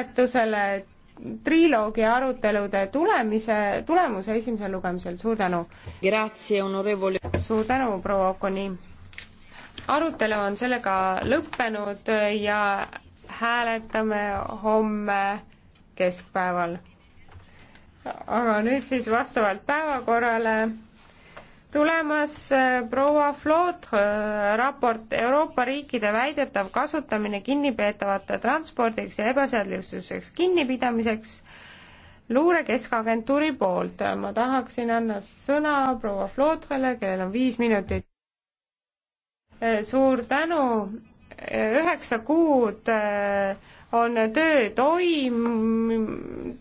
hääletusele triloogi arutelude tulemise, tulemuse esimesel lugemisel, suur tänu! suur tänu, proua Okoni! arutelu on sellega lõppenud ja hääletame homme keskpäeval. aga nüüd siis vastavalt päevakorrale tulemas äh, proua Flood äh, raport Euroopa riikide väidetav kasutamine kinnipeetavate transpordiks ja ebaseaduslikkuseks kinnipidamiseks luure keskagentuuri poolt. ma tahaksin anda sõna proua Floodrele, kellel on viis minutit. Äh, suur tänu, üheksa kuud on töö toim-,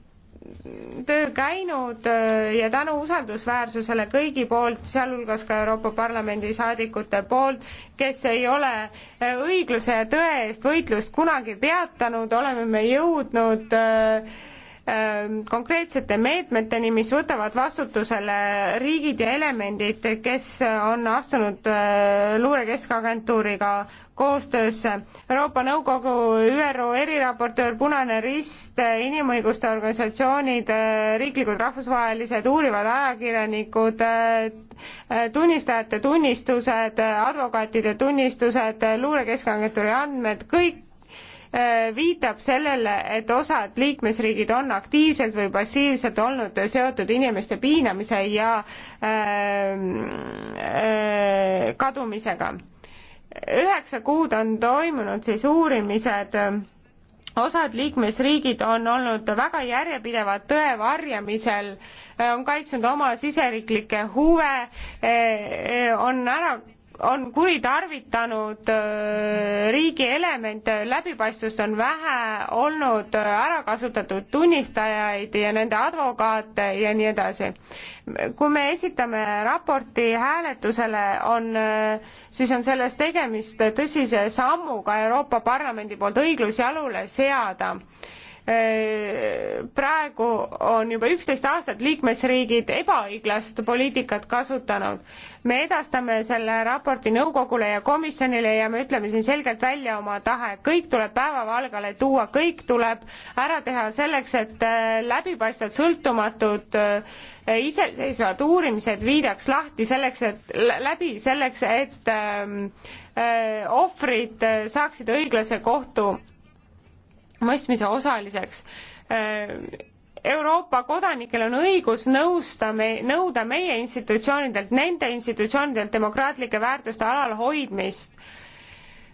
töö käinud äh, ja tänu usaldusväärsusele kõigi poolt, sealhulgas ka Euroopa Parlamendi saadikute poolt, kes ei ole äh, õigluse ja tõe eest võitlust kunagi peatanud, oleme me jõudnud äh, Ähm, konkreetsete meetmeteni, mis võtavad vastutusele riigid ja elemendid, kes on astunud äh, luurekeskagentuuriga koostöösse. Euroopa Nõukogu, ÜRO eriraportöör, Punane Rist, inimõiguste organisatsioonid, äh, riiklikud rahvusvahelised uurivad ajakirjanikud, äh, tunnistajate tunnistused, advokaatide tunnistused, luurekeskagentuuri andmed, kõik Äh, viitab sellele, et osad liikmesriigid on aktiivselt või passiivselt olnud seotud inimeste piinamise ja äh, äh, kadumisega. üheksa kuud on toimunud siis uurimised osad liikmesriigid on olnud väga järjepidevad tõe varjamisel, äh, on kaitsnud oma siseriiklikke huve, äh, on ära on kuritarvitanud äh, riigi elemente, läbipaistvust on vähe olnud, äh, ära kasutatud tunnistajaid ja nende advokaate ja nii edasi. kui me esitame raporti hääletusele, on, äh, siis on selles tegemist tõsise sammuga Euroopa Parlamendi poolt õiglus jalule seada Äh, praegu on juba üksteist aastat liikmesriigid ebaõiglast poliitikat kasutanud. me edastame selle raporti nõukogule ja komisjonile ja me ütleme siin selgelt välja oma tahe, kõik tuleb päevavalgale tuua, kõik tuleb ära teha selleks, et äh, läbipaistvad, sõltumatud, äh, iseseisvad uurimised viidaks lahti selleks, et läbi selleks, et ähm, ohvrid saaksid õiglase kohtu mõistmise osaliseks. Euroopa kodanikel on õigus nõusta me, nõuda meie institutsioonidelt, nende institutsioonidelt demokraatlike väärtuste alal hoidmist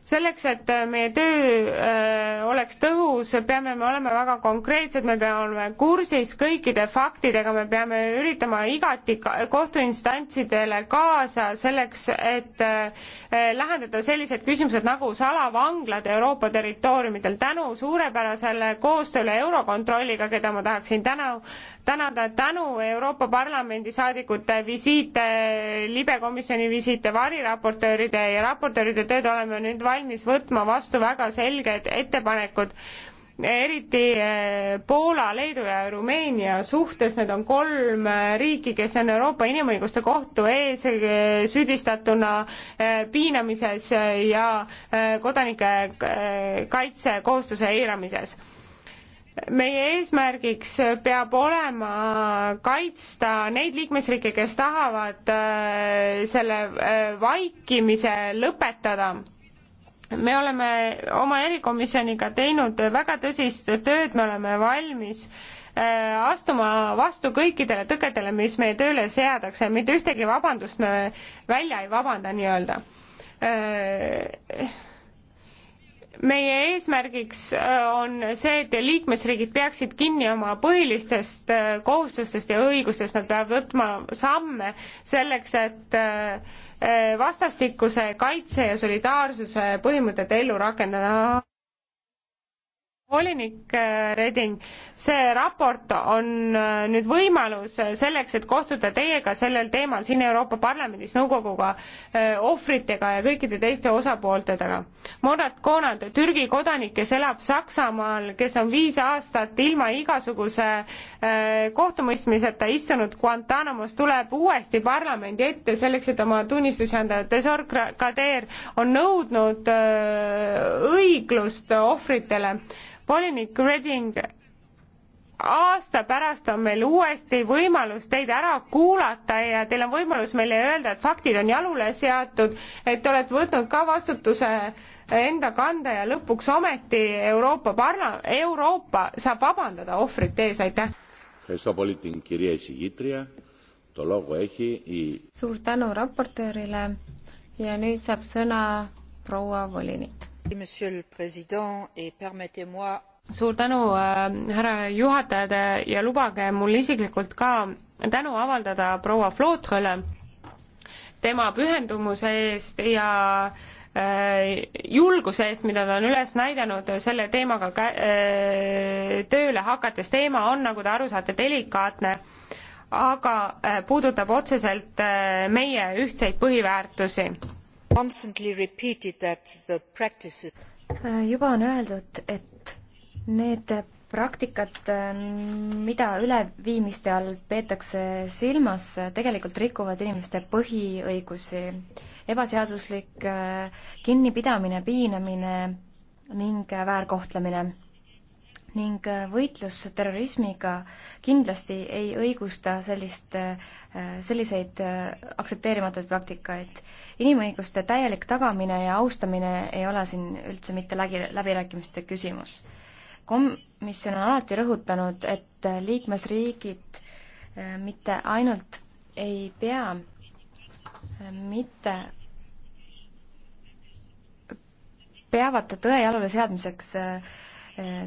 selleks, et äh, meie töö öö, äh, oleks tõhus, peame me olema väga konkreetsed, me peame olema kursis kõikide faktidega, me peame üritama igati kohtuinstantsidele kaasa selleks, et öö, äh, lahendada sellised küsimused nagu salavanglad Euroopa territooriumidel. tänu suurepärasele koostööle Eurokontrolliga, keda ma tahaksin täna tänada tänu Euroopa Parlamendi saadikute visiite, libekomisjoni visiite, variraportööride ja raportööride tööd oleme nüüd valmis võtma vastu väga selged ettepanekud eriti eh, Poola, Leedu ja Rumeenia suhtes, need on kolm eh, riiki, kes on Euroopa Inimõiguste Kohtu ees eh, süüdistatuna piinamises ja kodanike kaitsekohustuse eiramises meie eesmärgiks peab olema kaitsta neid liikmesriike, kes tahavad äh, selle äh, vaikimise lõpetada. me oleme oma erikomisjoniga teinud väga tõsist tööd, me oleme valmis äh, astuma vastu kõikidele tõkedele, mis meie tööle seadakse, mitte ühtegi vabandust me välja ei vabanda nii-öelda meie eesmärgiks äh, on see, et liikmesriigid peaksid kinni oma põhilistest äh, kohustustest ja õigustest, nad peavad võtma samme selleks, et äh, vastastikuse kaitse ja solidaarsuse põhimõtet ellu rakendada volinik äh, Reding, see raport on äh, nüüd võimalus äh, selleks, et kohtuda teiega sellel teemal siin Euroopa Parlamendis, nõukoguga, ohvritega ja kõikide teiste osapooltega. Morat Konad, Türgi kodanik, kes elab Saksamaal, kes on viis aastat ilma igasuguse kohtumõistmiseta istunud Guantanamos, tuleb uuesti parlamendi ette selleks, et oma tunnistusi anda. Desor Kader on nõudnud õiglust ohvritele volinik Reding, aasta pärast on meil uuesti võimalus teid ära kuulata ja teil on võimalus meile öelda, et faktid on jalule seatud, et te olete võtnud ka vastutuse enda kanda ja lõpuks ometi Euroopa parla-, Euroopa saab vabandada ohvrite ees, aitäh! suur tänu raportöörile ja nüüd saab sõna proua volinik suur tänu, äh, härra juhataja, äh, ja lubage mul isiklikult ka tänu avaldada proua Flotrele tema pühendumuse eest ja äh, julguse eest, mida ta on üles näidanud selle teemaga tööle hakates. teema on, nagu te aru saate, delikaatne, aga puudutab otseselt meie ühtseid põhiväärtusi Äh, juba on öeldud, et need praktikad, äh, mida üleviimiste all peetakse silmas, äh, tegelikult rikuvad inimeste põhiõigusi. ebaseaduslik kinnipidamine, piinamine ning väärkohtlemine. ning võitlus terrorismiga kindlasti ei õigusta sellist, selliseid aktsepteerimatuid praktikaid inimõiguste täielik tagamine ja austamine ei ole siin üldse mitte läbi, läbirääkimiste küsimus. komisjon on alati rõhutanud, et liikmesriigid äh, mitte ainult ei pea äh, mitte peavad tõe jalule seadmiseks äh,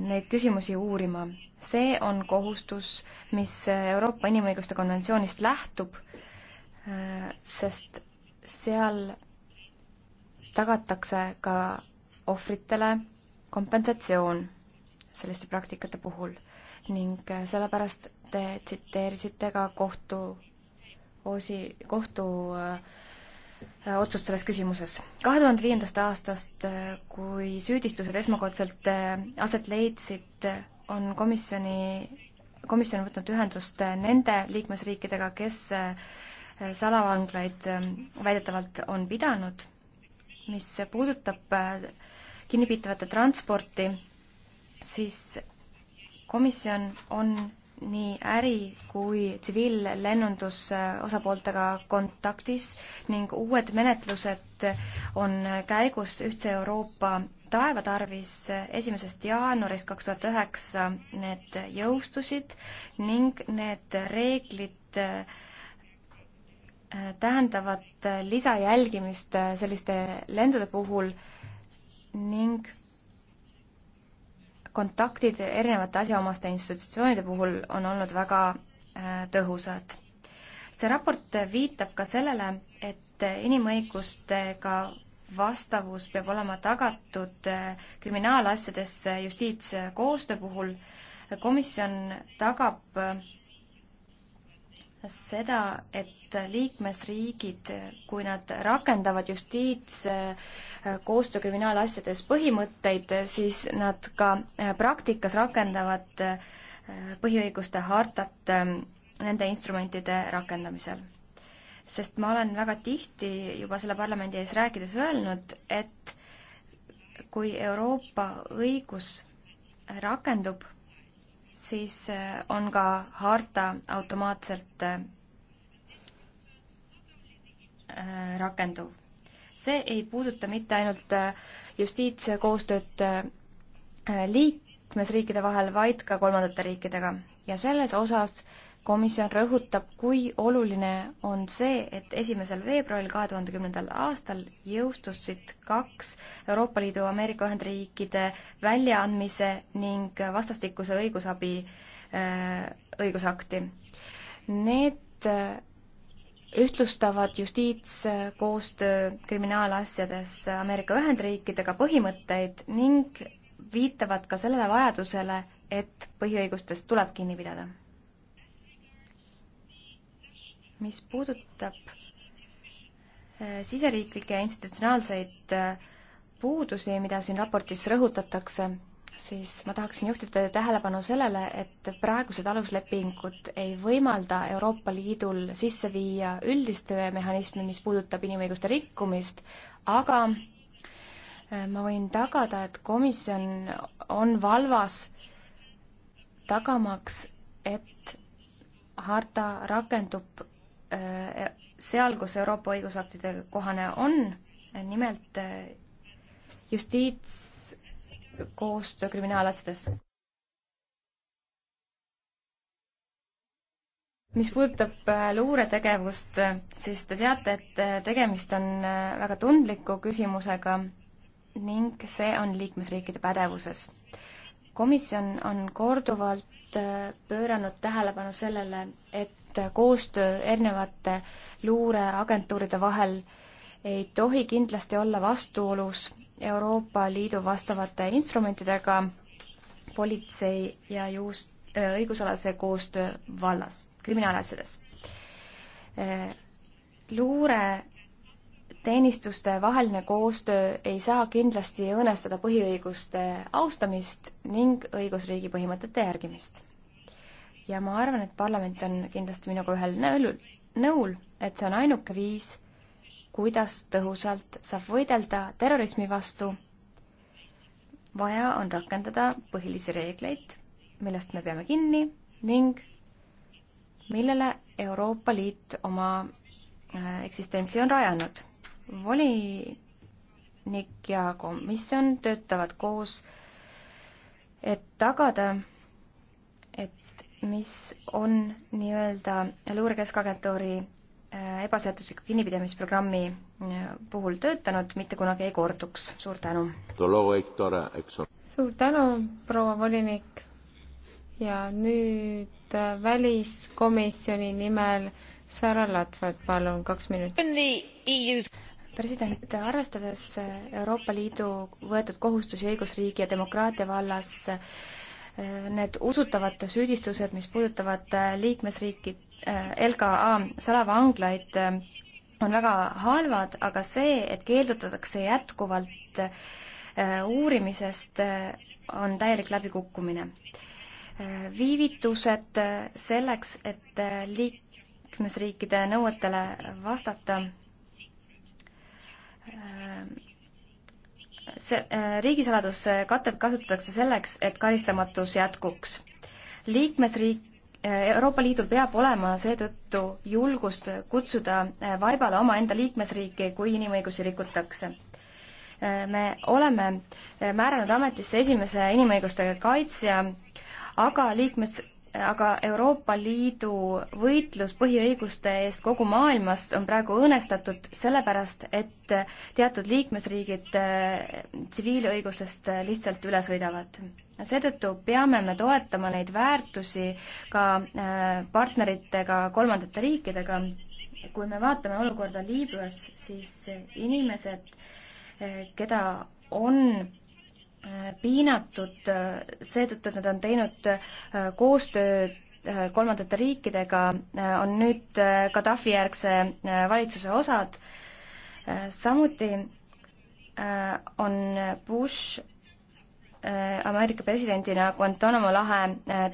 neid küsimusi uurima. see on kohustus, mis Euroopa Inimõiguste Konventsioonist lähtub, sest seal tagatakse ka ohvritele kompensatsioon selliste praktikate puhul ning sellepärast te tsiteerisite ka kohtu osi, kohtu äh, otsust selles küsimuses. kahe tuhande viiendast aastast, äh, kui süüdistused esmakordselt äh, aset leidsid, on komisjoni, komisjon võtnud ühendust nende liikmesriikidega, kes salavanglaid ähm, väidetavalt on pidanud. mis puudutab äh, kinnipiitavate transporti, siis komisjon on nii äri- kui tsiviillennunduse äh, osapooltega kontaktis ning uued menetlused on käigus Ühtse Euroopa taeva tarvis. esimesest jaanuarist kaks tuhat üheksa need jõustusid ning need reeglid äh, tähendavad lisajälgimist selliste lendude puhul ning kontaktid erinevate asjaomaste institutsioonide puhul on olnud väga äh, tõhusad. see raport viitab ka sellele, et inimõigustega vastavus peab olema tagatud äh, kriminaalasjades justiitskoostöö puhul. komisjon tagab äh, seda, et liikmesriigid, kui nad rakendavad justiitskoostöö äh, kriminaalasjades põhimõtteid, siis nad ka äh, praktikas rakendavad äh, põhiõiguste hartat ähm, nende instrumentide rakendamisel. sest ma olen väga tihti juba selle parlamendi ees rääkides öelnud, et kui Euroopa õigus rakendub siis eh, on ka harta automaatselt eh, rakenduv. see ei puuduta mitte ainult eh, justiitskoostööd liikmesriikide vahel, vaid ka kolmandate riikidega ja selles osas äh, komisjon rõhutab, kui oluline on see, et esimesel veebruaril kahe tuhande kümnendal aastal jõustusid kaks Euroopa Liidu Ameerika Ühendriikide väljaandmise ning vastastikuse õigusabi äh, õigusakti. Need äh, ühtlustavad justiitskoostöö kriminaalasjades Ameerika Ühendriikidega põhimõtteid ning viitavad ka sellele vajadusele, et põhiõigustest tuleb kinni pidada mis puudutab äh, siseriiklikke institutsionaalseid äh, puudusi, mida siin raportis rõhutatakse, siis ma tahaksin juhtida teie tähelepanu sellele, et praegused aluslepingud ei võimalda Euroopa Liidul sisse viia üldist mehhanismi, mis puudutab inimõiguste rikkumist, aga äh, ma võin tagada, et komisjon on valvas tagamaks, et harta rakendub Äh, seal, kus Euroopa õigusaktidega kohane on, äh, nimelt äh, justiitskoostöö kriminaalasjades. mis puudutab luuretegevust, siis te teate, et tegemist on väga tundliku küsimusega ning see on liikmesriikide pädevuses. komisjon on korduvalt pööranud tähelepanu sellele, et et koostöö erinevate luureagentuuride vahel ei tohi kindlasti olla vastuolus Euroopa Liidu vastavate instrumentidega politsei ja juust-, äh, õigusalase koostöö vallas, kriminaalasjades. Äh, luureteenistuste vaheline koostöö ei saa kindlasti õõnestada põhiõiguste austamist ning õigusriigi põhimõtete järgimist ja ma arvan, et parlament on kindlasti minuga ühel nõul, nõul, et see on ainuke viis, kuidas tõhusalt saab võidelda terrorismi vastu. vaja on rakendada põhilisi reegleid, millest me peame kinni ning millele Euroopa Liit oma äh, eksistentsi on rajanud. volinik ja komisjon töötavad koos, et tagada mis on nii-öelda luurekeskagentuuri äh, ebaseadusliku kinnipidamisprogrammi äh, puhul töötanud, mitte kunagi ei korduks. suur tänu! suur tänu, proua volinik! ja nüüd äh, väliskomisjoni nimel Sara Latvalt, palun, kaks minutit e president, arvestades Euroopa Liidu võetud kohustusi õigusriigi ja demokraatia vallas, need usutavad süüdistused, mis puudutavad äh, liikmesriiki äh, LKA salavanglaid, äh, on väga halvad, aga see, et keeldutakse jätkuvalt uurimisest, on täielik läbikukkumine. viivitused selleks, et liikmesriikide nõuetele vastata, see äh, riigisaladuse äh, katet kasutatakse selleks, et karistamatus jätkuks. liikmesriik, äh, Euroopa Liidul peab olema seetõttu julgust kutsuda vaibale omaenda liikmesriiki, kui inimõigusi rikutakse. me oleme määranud ametisse esimese inimõiguste kaitsja, aga liikmes, aga Euroopa Liidu võitlus põhiõiguste eest kogu maailmas on praegu õõnestatud sellepärast, et teatud liikmesriigid eh, tsiviilõigusest lihtsalt üle sõidavad. seetõttu peame me toetama neid väärtusi ka eh, partneritega, kolmandate riikidega. kui me vaatame olukorda Liibüas, siis inimesed, eh, keda on Äh, piinatud äh, seetõttu, et nad on teinud äh, koostööd kolmandate riikidega, on nüüd Gaddafi järgse valitsuse osad. samuti on Bush Ameerika presidendina Guantanamo lahe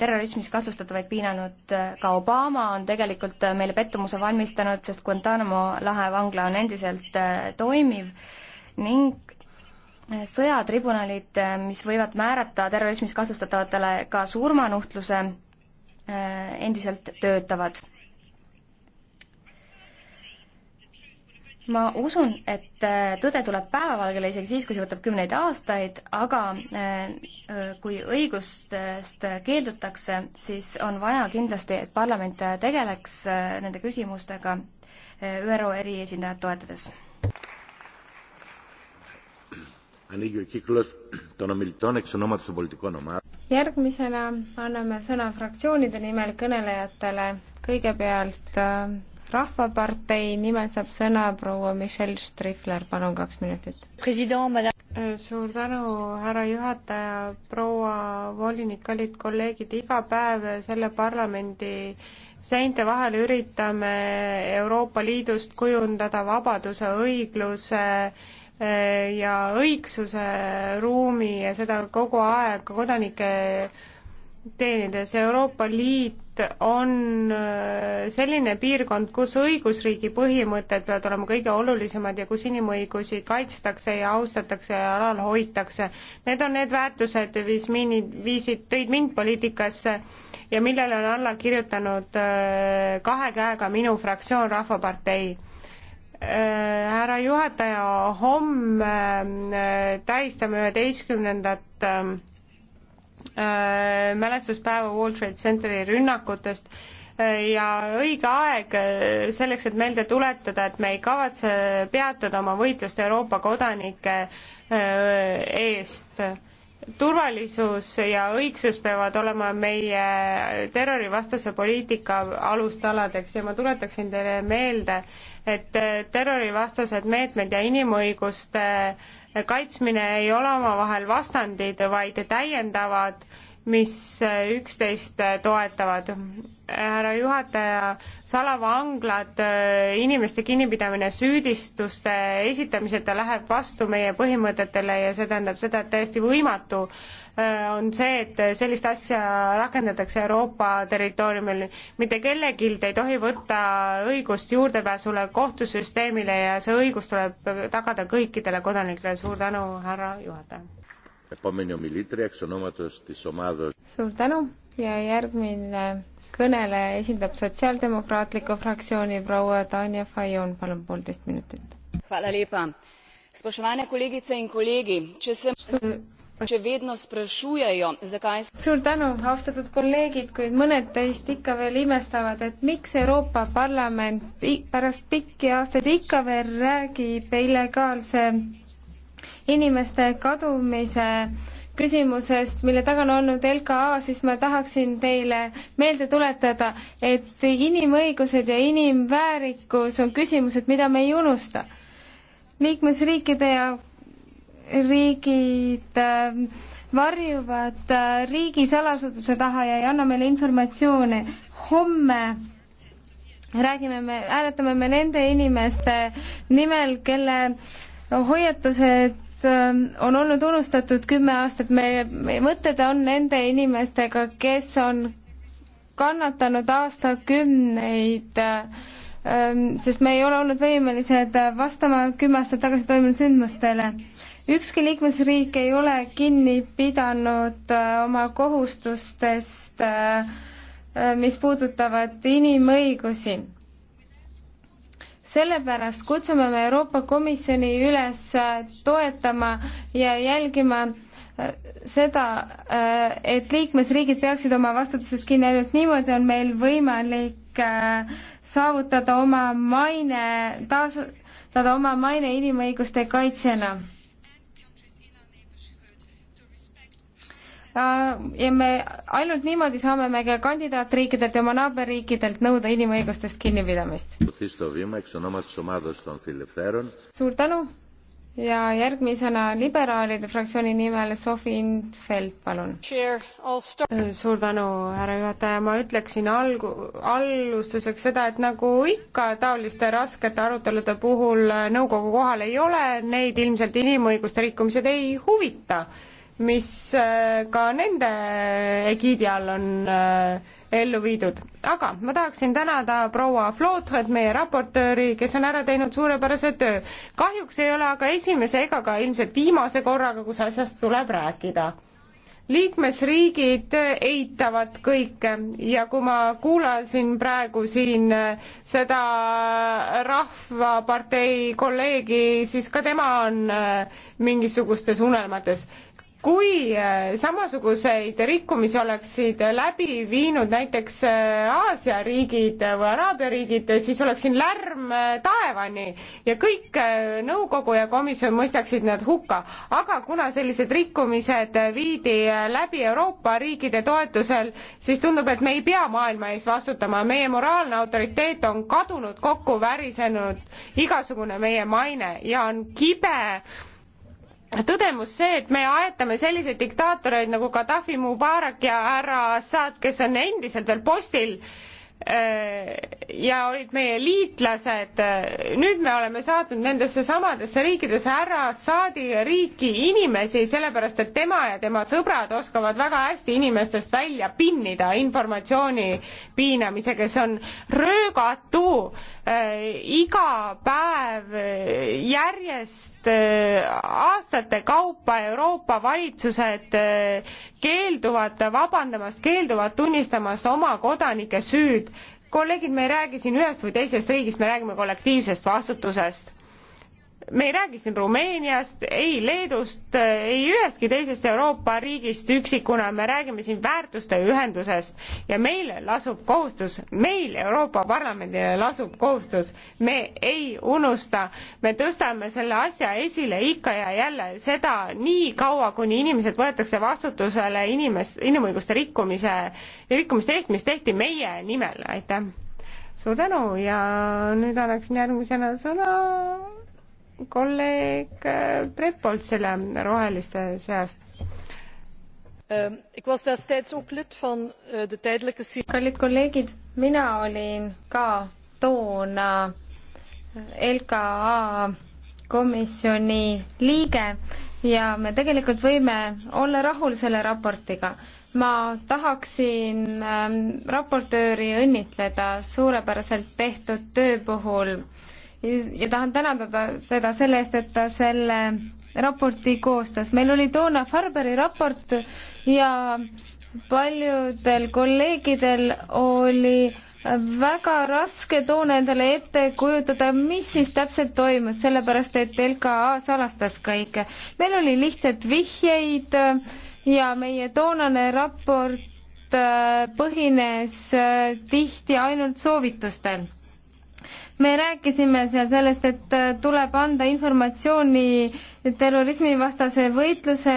terrorismis kahtlustatavaid piinanud ka Obama on tegelikult meile pettumuse valmistanud, sest Guantanamo lahe vangla on endiselt toimiv ning sõjatribunalid, äh, mis võivad määrata terrorismis kahtlustatavatele ka surmanuhtluse, äh, endiselt töötavad. ma usun, et äh, tõde tuleb päevavalgele isegi siis, kui see võtab kümneid aastaid, aga kui õigustest keeldutakse, siis on vaja kindlasti, et parlament tegeleks nende küsimustega ÜRO eriesindajat toetades. järgmisena anname sõna fraktsioonide nimel kõnelejatele. kõigepealt äh, Rahvapartei nimel saab sõna proua Michelle Strifler, palun kaks minutit. Äh, suur tänu, härra juhataja, proua volinik, kallid kolleegid, iga päev selle parlamendi seinte vahel üritame Euroopa Liidust kujundada vabaduse, õigluse äh, ja õigsuse ruumi ja seda kogu aeg kodanike teenides. Euroopa Liit on äh, selline piirkond, kus õigusriigi põhimõtted peavad olema kõige olulisemad ja kus inimõigusi kaitstakse ja austatakse ja alal hoitakse. Need on need väärtused, mis mini, viisid, tõid mind poliitikasse ja millele on alla kirjutanud äh, kahe käega minu fraktsioon Rahvapartei Äh, härra juhataja, homme äh, tähistame üheteistkümnendat ähm, äh, mälestuspäeva World Trade Centeri rünnakutest ja õige aeg selleks, et meelde tuletada, et me ei kavatse peatada oma võitlust Euroopa kodanike eest. turvalisus ja õigsus peavad olema meie terrorivastase poliitika alustaladeks ja ma tuletaksin teile meelde, et äh, terrorivastased meetmed ja inimõiguste kaitsmine ei ole omavahel vastandid, vaid täiendavad mis äh, üksteist äh, toetavad. härra juhataja, salavanglad, äh, inimeste kinnipidamine süüdistuste esitamiseta läheb vastu meie põhimõtetele ja see tähendab seda, et täiesti võimatu on see, et sellist asja rakendatakse Euroopa territooriumil. mitte kellelgi ei tohi võtta õigust juurdepääsule kohtusüsteemile ja see õigus tuleb tagada kõikidele kodanikele. suur tänu, härra juhataja! suur tänu ja järgmine kõneleja esindab Sotsiaaldemokraatliku fraktsiooni proua Tanja Fajon, palun poolteist minutit. Spoštovane kolegice in kolegi, če se še vedno sprašujejo, zakaj suur tänu, austatud kolleegid, kuid mõned teist ikka veel imestavad, et miks Euroopa Parlament pärast pikki aastaid ikka veel räägib illegaalse inimeste kadumise küsimusest, mille taga on olnud LKA, siis ma tahaksin teile meelde tuletada, et inimõigused ja inimväärikus on küsimused, mida me ei unusta. liikmesriikide ja riigid äh, varjuvad äh, riigisalasutuse taha ja ei anna meile informatsiooni. homme räägime me, hääletame me nende inimeste nimel, kelle äh, hoiatused ähm, on olnud unustatud kümme aastat, meie, meie mõtted on nende inimestega, kes on kannatanud aastakümneid, ähm, sest me ei ole olnud võimelised vastama kümme aastat tagasi toimunud sündmustele. ükski liikmesriik ei ole kinni pidanud äh, oma kohustustest, äh, äh, mis puudutavad inimõigusi sellepärast kutsume me Euroopa Komisjoni üles äh, toetama ja jälgima äh, seda, äh, et liikmesriigid peaksid oma vastutusest kinni, ainult niimoodi on meil võimalik saavutada oma maine, taastada oma maine inimõiguste kaitsjana Äh, ja me ainult niimoodi saame me ka kandidaatriikidelt ja oma naaberriikidelt nõuda inimõigustest kinnipidamist. suur tänu ja järgmisena liberaalide fraktsiooni nimel Sofi Infeld, palun. Äh, suur tänu, härra juhataja, ma ütleksin algu-, alustuseks seda, et nagu ikka taoliste raskete arutelude puhul äh, nõukogu kohal ei ole, neid ilmselt inimõiguste rikkumised ei huvita mis äh, ka nende egiidi all on äh, ellu viidud. aga ma tahaksin tänada proua Flootret, meie raportööri, kes on ära teinud suurepärase töö. kahjuks ei ole aga esimese ega ka ilmselt viimase korraga, kus asjast tuleb rääkida liikmesriigid eitavad kõike ja kui ma kuulasin praegu siin äh, seda Rahvapartei kolleegi, siis ka tema on mingisugustes unelmates kui äh, samasuguseid rikkumisi oleksid läbi viinud näiteks äh, Aasia riigid või Araabia riigid, siis oleks siin lärm äh, taevani ja kõik nõukogu ja komisjon mõistaksid nad hukka. aga kuna sellised rikkumised viidi läbi Euroopa riikide toetusel, siis tundub, et me ei pea maailma ees vastutama, meie moraalne autoriteet on kadunud, kokku värisenud igasugune meie maine ja on kibe tõdemus see, et me aetame selliseid diktaatoreid nagu Gaddafi, Mubarak ja härra Assad, kes on endiselt veel postil äh, ja olid meie liitlased. nüüd me oleme saatnud nendesse samadesse riikidesse härra Assaadi riiki inimesi, sellepärast et tema ja tema sõbrad oskavad väga hästi inimestest välja pinnida informatsiooni piinamisega, see on röögatu Äh, iga päev äh, järjest äh, aastate kaupa Euroopa valitsused keelduvad vabandamast, keelduvad tunnistamast oma kodanike süüd. kolleegid, me ei räägi siin ühest või teisest riigist, me räägime kollektiivsest vastutusest me ei räägi siin Rumeeniast, ei Leedust, ei ühestki teisest Euroopa riigist üksikuna, me räägime siin väärtuste ühendusest ja meile lasub kohustus, meil Euroopa Parlamendile lasub kohustus, me ei unusta, me tõstame selle asja esile ikka ja jälle, seda nii kaua, kuni inimesed võetakse vastutusele inimes-, inimõiguste rikkumise, rikkumiste eest, mis tehti meie nimel, aitäh! suur tänu ja nüüd annaksin järgmisena sõna kolleeg äh, Brepoltsile roheliste seast ik was destijds ook lid van de tijdelijke kallid kolleegid mina olin ka toona LKA komisjoni liige ja me tegelikult võime olla rahul selle raportiga. ma tahaksin ähm, raportööri õnnitleda suurepäraselt tehtud töö puhul äh, ja tahan tänada teda selle eest, et ta selle raporti koostas. meil oli toona Farberi raport ja paljudel kolleegidel oli väga raske toona endale ette kujutada, mis siis täpselt toimus, sellepärast et LKA salastas kõike. meil oli lihtsalt vihjeid ja meie toonane raport äh, põhines äh, tihti ainult soovitustel me rääkisime seal sellest, et äh, tuleb anda informatsiooni terrorismivastase võitluse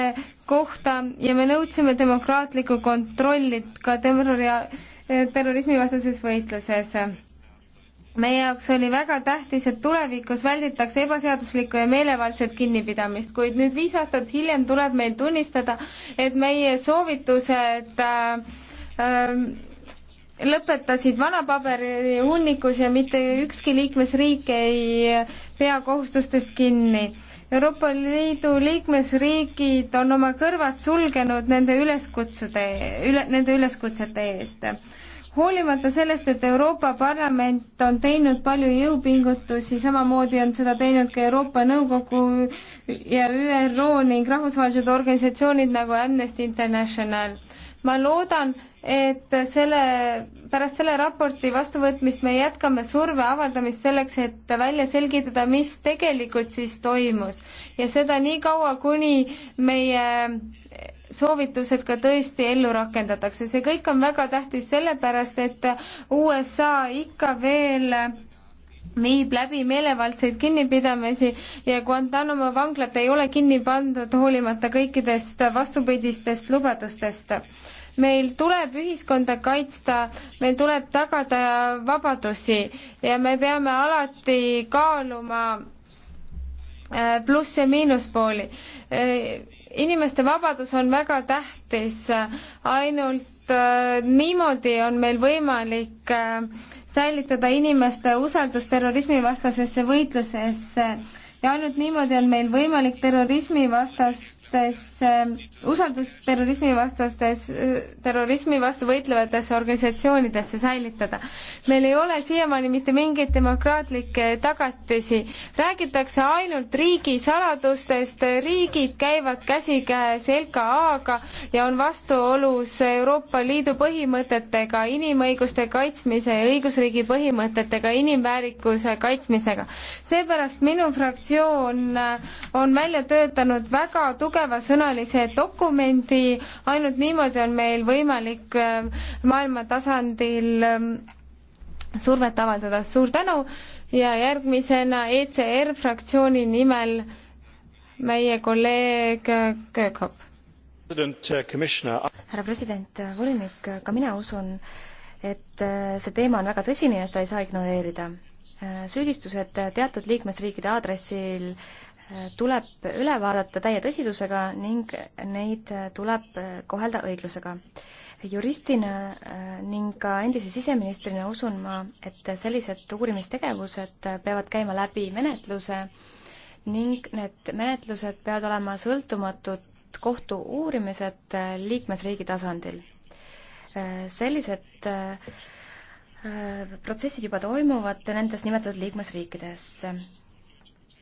kohta ja me nõudsime demokraatlikku kontrolli ka terrori, äh, terrorismivastases võitluses meie jaoks oli väga tähtis, et tulevikus välditakse ebaseaduslikku ja meelevaldset kinnipidamist, kuid nüüd viis aastat hiljem tuleb meil tunnistada, et meie soovitused äh, äh, lõpetasid vanapaberi hunnikus ja mitte ükski liikmesriik ei pea kohustustest kinni. Euroopa Liidu liikmesriigid on oma kõrvad sulgenud nende üleskutsude, üle, nende üleskutsete eest. hoolimata sellest, et Euroopa Parlament on teinud palju jõupingutusi, samamoodi on seda teinud ka Euroopa Nõukogu ja ÜRO ning rahvusvahelised organisatsioonid nagu Amnesty International. ma loodan, et selle, pärast selle raporti vastuvõtmist me jätkame surve avaldamist selleks, et välja selgitada, mis tegelikult siis toimus. ja seda nii kaua, kuni meie soovitused ka tõesti ellu rakendatakse. see kõik on väga tähtis sellepärast, et USA ikka veel viib läbi meelevaldseid kinnipidamisi ja Guantanamo vanglat ei ole kinni pandud hoolimata kõikidest vastupidistest lubadustest meil tuleb ühiskonda kaitsta, meil tuleb tagada vabadusi ja me peame alati kaaluma äh, pluss- ja miinuspooli. Äh, inimeste vabadus on väga tähtis, ainult äh, niimoodi on meil võimalik säilitada inimeste usaldus terrorismivastasesse võitlusesse ja ainult niimoodi on meil võimalik terrorismivastast vastastesse, ähm, usaldust terrorismi vastastes, äh, terrorismi vastu võitlevatesse organisatsioonidesse säilitada. meil ei ole siiamaani mitte mingeid demokraatlikke tagatisi. räägitakse ainult riigisaladustest, riigid käivad käsikäes LKA-ga ja on vastuolus Euroopa Liidu põhimõtetega, inimõiguste kaitsmise ja õigusriigi põhimõtetega, inimväärikuse kaitsmisega. seepärast minu fraktsioon äh, on välja töötanud väga tugev tugevasõnalise dokumendi, ainult niimoodi on meil võimalik äh, maailma tasandil ähm, survet avaldada. suur tänu ja järgmisena ECR fraktsiooni nimel meie kolleeg äh, Köökhopp. Äh, härra president, volinik, ka mina usun, et see teema on väga tõsine ja seda ei saa ignoreerida. süüdistused teatud liikmesriikide aadressil äh, tuleb üle vaadata täie tõsidusega ning neid tuleb kohelda õiglusega. juristina äh, ning ka endise siseministrina usun ma, et sellised uurimistegevused peavad käima läbi menetluse ning need menetlused peavad olema sõltumatud kohtu uurimised äh, liikmesriigi tasandil. Äh, sellised protsessid juba toimuvad nendes nimetatud liikmesriikides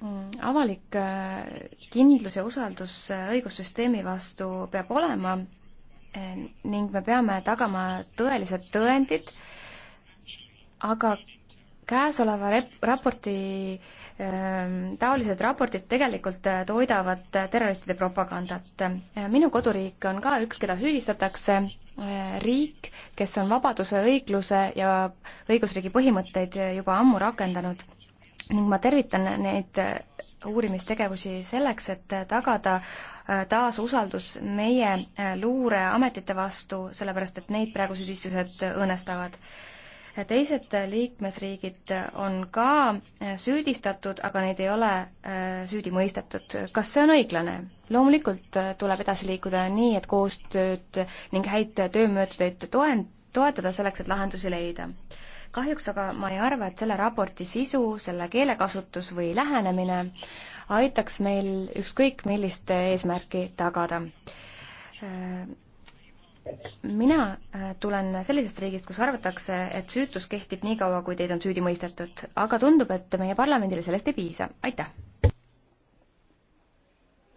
Mm, avalik äh, kindlus ja usaldus äh, õigussüsteemi vastu peab olema äh, ning me peame tagama tõelised tõendid, aga käesoleva rep-, raporti, ähm, taolised raportid tegelikult toidavad terroristide propagandat. minu koduriik on ka üks, keda süüdistatakse, riik, kes on vabaduse, õigluse ja õigusriigi põhimõtteid juba ammu rakendanud ning ma tervitan neid äh, uurimistegevusi selleks, et äh, tagada äh, taas usaldus meie luureametite vastu, sellepärast et neid praegu süüdistused õõnestavad. teised liikmesriigid on ka süüdistatud, aga neid ei ole süüdi mõistetud. kas see on õiglane? loomulikult tuleb edasi liikuda nii, et koostööd ning häid töömeetodeid toen-, toetada selleks, et lahendusi leida kahjuks aga ma ei arva, et selle raporti sisu, selle keelekasutus või lähenemine aitaks meil ükskõik millist eesmärki tagada. mina äh, tulen sellisest riigist, kus arvatakse, et süütus kehtib nii kaua, kui teid on süüdi mõistetud, aga tundub, et meie parlamendile sellest ei piisa, aitäh.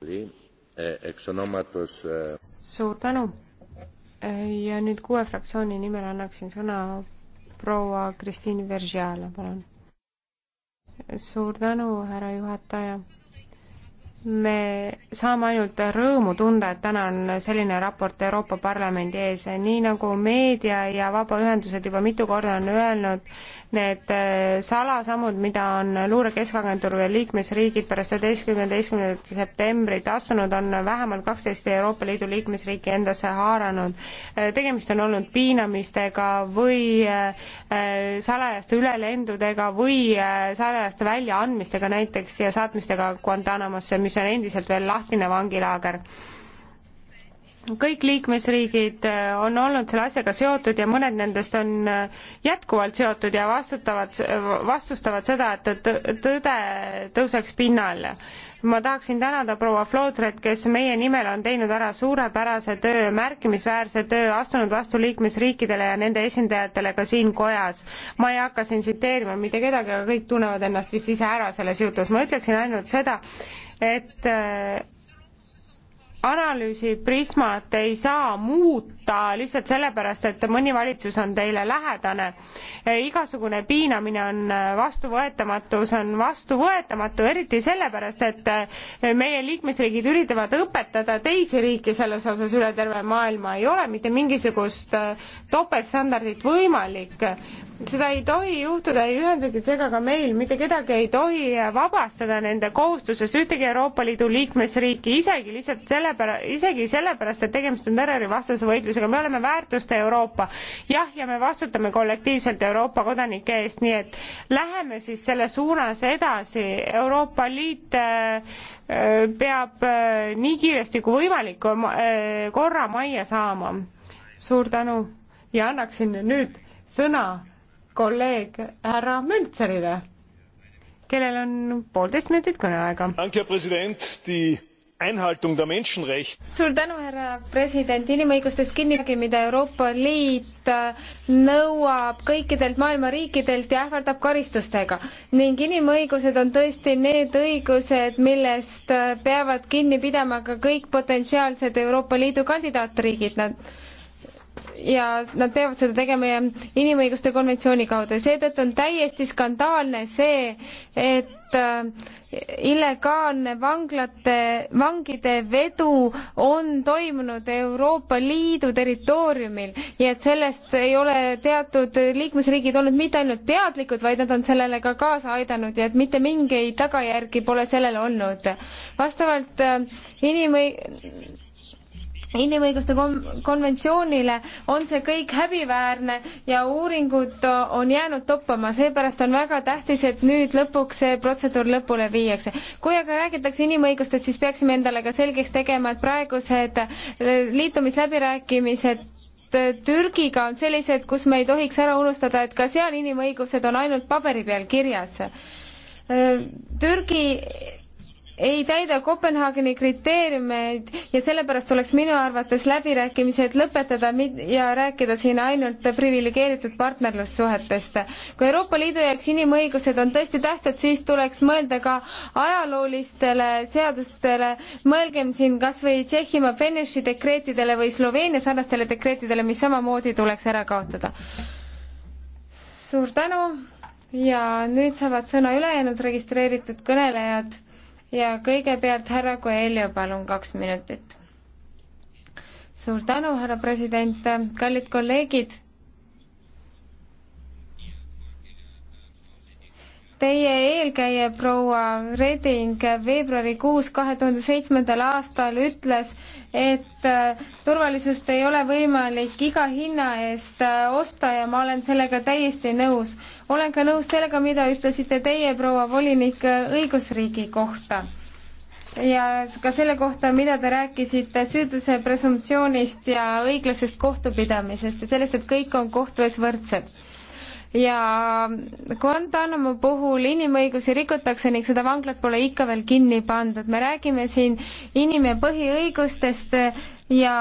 Äh, suur tänu äh, ja nüüd kuue fraktsiooni nimel annaksin sõna proua Kristiin Veržiale, palun. suur tänu, härra juhataja. me saame ainult rõõmu tunda, et täna on selline raport Euroopa Parlamendi ees, nii nagu meedia ja vabaühendused juba mitu korda on öelnud, need eh, salasammud, mida on luurekeskagentuur ja liikmesriigid pärast üheteistkümnendat septembrit astunud, on vähemalt kaksteist Euroopa Liidu liikmesriiki endasse haaranud. Eh, tegemist on olnud piinamistega või eh, salajaste ülelendudega või salajaste väljaandmistega näiteks ja saatmistega Guantanamosse, mis on endiselt veel lahtine vangilaager kõik liikmesriigid äh, on olnud selle asjaga seotud ja mõned nendest on äh, jätkuvalt seotud ja vastutavad, vastustavad seda, et tõde tõuseks pinnale. ma tahaksin tänada proua Flootret, kes meie nimel on teinud ära suurepärase töö, märkimisväärse töö, astunud vastu liikmesriikidele ja nende esindajatele ka siin kojas. ma ei hakka siin tsiteerima mitte kedagi, aga kõik tunnevad ennast vist ise ära selles jutus, ma ütleksin ainult seda, et äh, analüüsi prismat ei saa muuta lihtsalt sellepärast, et mõni valitsus on teile lähedane. igasugune piinamine on vastuvõetamatu, see on vastuvõetamatu eriti sellepärast, et meie liikmesriigid üritavad õpetada teisi riike selles osas üle terve maailma, ei ole mitte mingisugust topeltstandardit võimalik seda ei tohi juhtuda ei Ühendriikides ega ka meil, mitte kedagi ei tohi vabastada nende kohustusest, ühtegi Euroopa Liidu liikmesriiki, isegi lihtsalt sellepärast, isegi sellepärast, et tegemist on terrorivastase võitlusega, me oleme väärtuste Euroopa. jah, ja me vastutame kollektiivselt Euroopa kodanike eest, nii et läheme siis selles suunas edasi, Euroopa Liit äh, äh, peab äh, nii kiiresti kui võimalik korra majja saama. suur tänu ja annaksin nüüd sõna kolleeg härra Möltserile, kellel on poolteist minutit kõneaega. suur tänu, härra president, inimõigustest kinnipidi, mida Euroopa Liit äh, nõuab kõikidelt maailma riikidelt ja ähvardab karistustega ning inimõigused on tõesti need õigused, millest äh, peavad kinni pidama ka kõik potentsiaalsed Euroopa Liidu kandidaatriigid ja nad peavad seda tegema inimõiguste konventsiooni kaudu ja seetõttu on täiesti skandaalne see, et äh, illegaalne vanglate, vangide vedu on toimunud Euroopa Liidu territooriumil ja et sellest ei ole teatud liikmesriigid olnud mitte ainult teadlikud, vaid nad on sellele ka kaasa aidanud ja et mitte mingeid tagajärgi pole sellel olnud. vastavalt äh, inimõi-, inimõiguste konventsioonile, on see kõik häbiväärne ja uuringud on jäänud toppama, seepärast on väga tähtis, et nüüd lõpuks see protseduur lõpule viiakse. kui aga räägitakse inimõigustest, siis peaksime endale ka selgeks tegema, et praegused äh, liitumisläbirääkimised äh, Türgiga on sellised, kus me ei tohiks ära unustada, et ka seal inimõigused on ainult paberi peal kirjas. Äh, Türgi ei täida Kopenhaageni kriteeriumeid ja sellepärast tuleks minu arvates läbirääkimised lõpetada ja rääkida siin ainult priviligeeritud partnerlussuhetest. kui Euroopa Liidu jaoks inimõigused on tõesti tähtsad, siis tuleks mõelda ka ajaloolistele seadustele, mõelgem siin kas või Tšehhimaa Beneši dekreetidele või Sloveenia sarnastele dekreetidele, mis samamoodi tuleks ära kaotada. suur tänu ja nüüd saavad sõna ülejäänud registreeritud kõnelejad ja kõigepealt härra Coelho, palun kaks minutit. suur tänu, härra president, kallid kolleegid Teie eelkäija proua Reding veebruarikuus kahe tuhande seitsmendal aastal ütles, et äh, turvalisust ei ole võimalik iga hinna eest äh, osta ja ma olen sellega täiesti nõus. olen ka nõus sellega, mida ütlesite teie, proua volinik, äh, õigusriigi kohta ja ka selle kohta, mida te rääkisite süütuse presumptsioonist ja õiglasest kohtupidamisest ja sellest, et kõik on kohtu ees võrdsed ja Guantanamo puhul inimõigusi rikutakse ning seda vanglat pole ikka veel kinni pandud. me räägime siin inim- ja põhiõigustest ja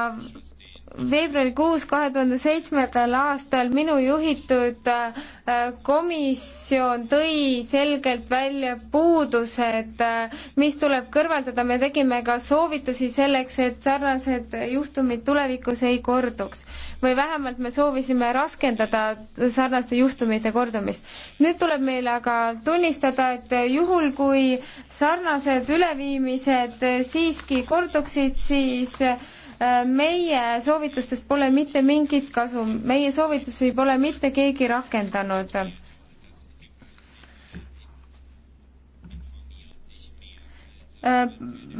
veebruarikuus kahe tuhande seitsmendal aastal minu juhitud äh, komisjon tõi selgelt välja puudused, äh, mis tuleb kõrvaldada, me tegime ka soovitusi selleks, et sarnased juhtumid tulevikus ei korduks. või vähemalt me soovisime raskendada sarnaste juhtumite kordumist. nüüd tuleb meil aga tunnistada, et juhul, kui sarnased üleviimised siiski korduksid, siis meie soovitustest pole mitte mingit kasu, meie soovitusi pole mitte keegi rakendanud Äh,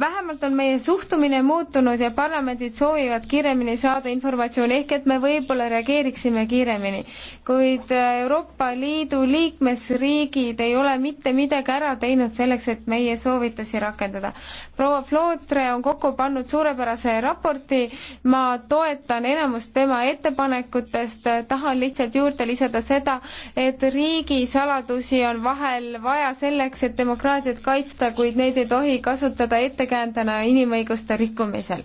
vähemalt on meie suhtumine muutunud ja parlamendid soovivad kiiremini saada informatsiooni, ehk et me võib-olla reageeriksime kiiremini. kuid äh, Euroopa Liidu liikmesriigid ei ole mitte midagi ära teinud selleks, et meie soovitusi rakendada. proua Flootre on kokku pannud suurepärase raporti, ma toetan enamust tema ettepanekutest, tahan lihtsalt juurde lisada seda, et riigisaladusi on vahel vaja selleks, et demokraatiat kaitsta, kuid neid ei tohi kasutada kasutada ettekäändena inimõiguste rikkumisel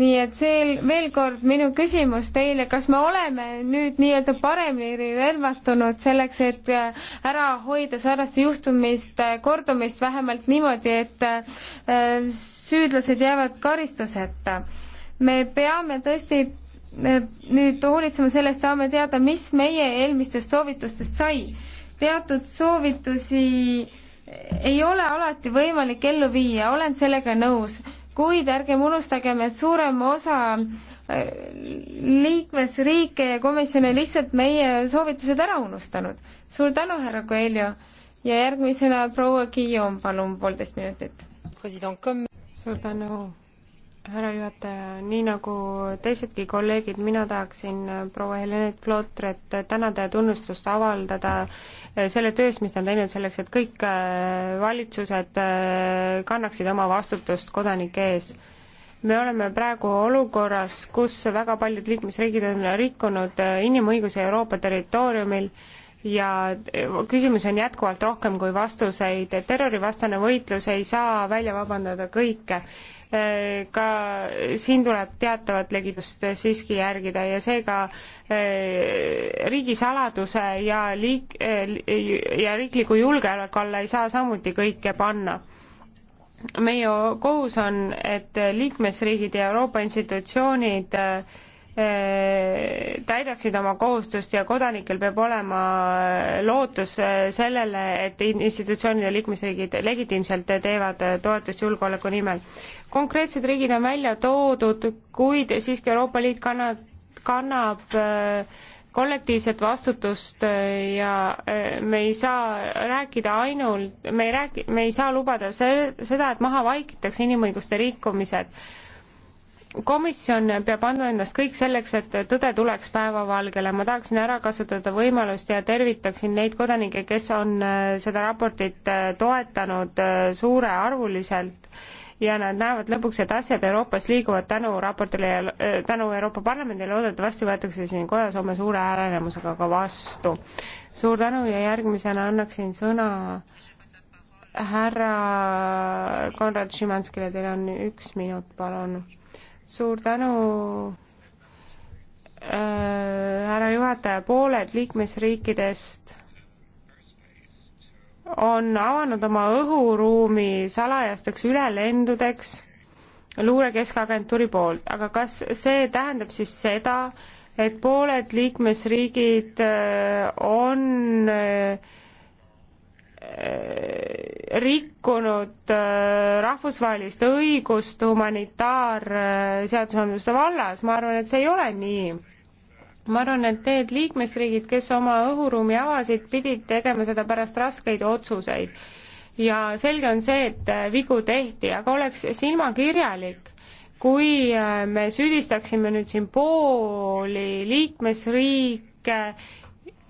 nii et see veel kord minu küsimus teile, kas me oleme nüüd nii-öelda paremini relvastunud selleks, et ära hoida sarnaste juhtumist kordumist vähemalt niimoodi, et äh, süüdlased jäävad karistuseta. me peame tõesti nüüd hoolitsema sellest, saame teada, mis meie eelmistest soovitustest sai. teatud soovitusi ei ole alati võimalik ellu viia, olen sellega nõus, kuid ärgem unustagem, et suurem osa äh, liikmesriike ja komisjone lihtsalt meie soovitused ära unustanud. suur tänu, härra Coelho ja järgmisena proua Guillaume, palun poolteist minutit. suur tänu, härra juhataja, nii nagu teisedki kolleegid, mina tahaksin proua Helene Flotret tänada ja tunnustust avaldada selle tööst, mis ta on teinud selleks, et kõik äh, valitsused äh, kannaksid oma vastutust kodanike ees. me oleme praegu olukorras, kus väga paljud liikmesriigid on rikkunud äh, inimõigusi Euroopa territooriumil ja küsimusi on jätkuvalt rohkem kui vastuseid. terrorivastane võitlus ei saa välja vabandada kõike Äh, ka siin tuleb teatavat legitust siiski järgida ja seega äh, riigisaladuse ja liik- äh, ja riikliku julgeoleku alla ei saa samuti kõike panna meie kohus on, et liikmesriigid ja Euroopa institutsioonid äh, Eh, täidaksid oma kohustust ja kodanikel peab olema lootus eh, sellele, et institutsioonid ja liikmesriigid legitiimselt teevad toetust julgeoleku nimel. konkreetsed riigid on välja toodud, kuid siiski Euroopa Liit kannab, kannab eh, kollektiivset vastutust ja me ei saa rääkida ainult, me ei räägi, me ei saa lubada see, seda, et maha vaikitakse inimõiguste rikkumised komisjon peab andma endast kõik selleks, et tõde tuleks päevavalgele. ma tahaksin ära kasutada võimalust ja tervitaksin neid kodanikke, kes on äh, seda raportit äh, toetanud äh, suurearvuliselt ja nad näevad lõpuks, et asjad Euroopas liiguvad tänu raportile ja tänu Euroopa Parlamendile, loodetavasti võetakse siin kojas homme suure häälenemusega ka vastu. suur tänu ja järgmisena annaksin sõna härra Konrad Šimanskile, teil on üks minut, palun suur tänu äh,, härra juhataja, pooled liikmesriikidest on avanud oma õhuruumi salajasteks ülelendudeks luurekeskagentuuri poolt, aga kas see tähendab siis seda, et pooled liikmesriigid äh, on äh, Eh, rikkunud eh, rahvusvahelist õigust humanitaarseadusandluste vallas, ma arvan, et see ei ole nii. ma arvan, et need liikmesriigid, kes oma õhuruumi avasid, pidid tegema seda pärast raskeid otsuseid. ja selge on see, et eh, vigu tehti, aga oleks silmakirjalik, kui me süüdistaksime nüüd siin pooli liikmesriike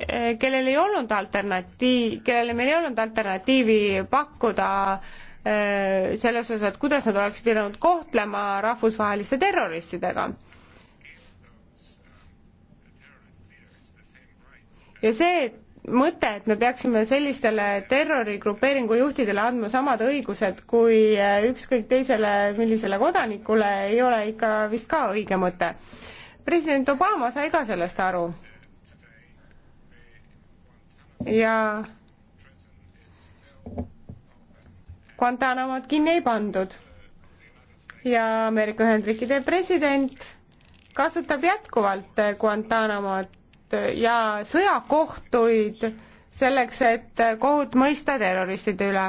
Eh, kellel ei olnud alternatiiv, kellele meil ei olnud alternatiivi pakkuda eh, selles osas, et kuidas nad oleks pidanud kohtlema rahvusvaheliste terroristidega. ja see mõte, et me peaksime sellistele terrorigrupeeringu juhtidele andma samad õigused kui eh, ükskõik teisele millisele kodanikule, ei ole ikka vist ka õige mõte. president Obama sai ka sellest aru ja Guantanamot kinni ei pandud. ja Ameerika Ühendriikide president kasutab jätkuvalt Guantanamot ja sõjakohtuid selleks, et kohut mõista terroristide üle.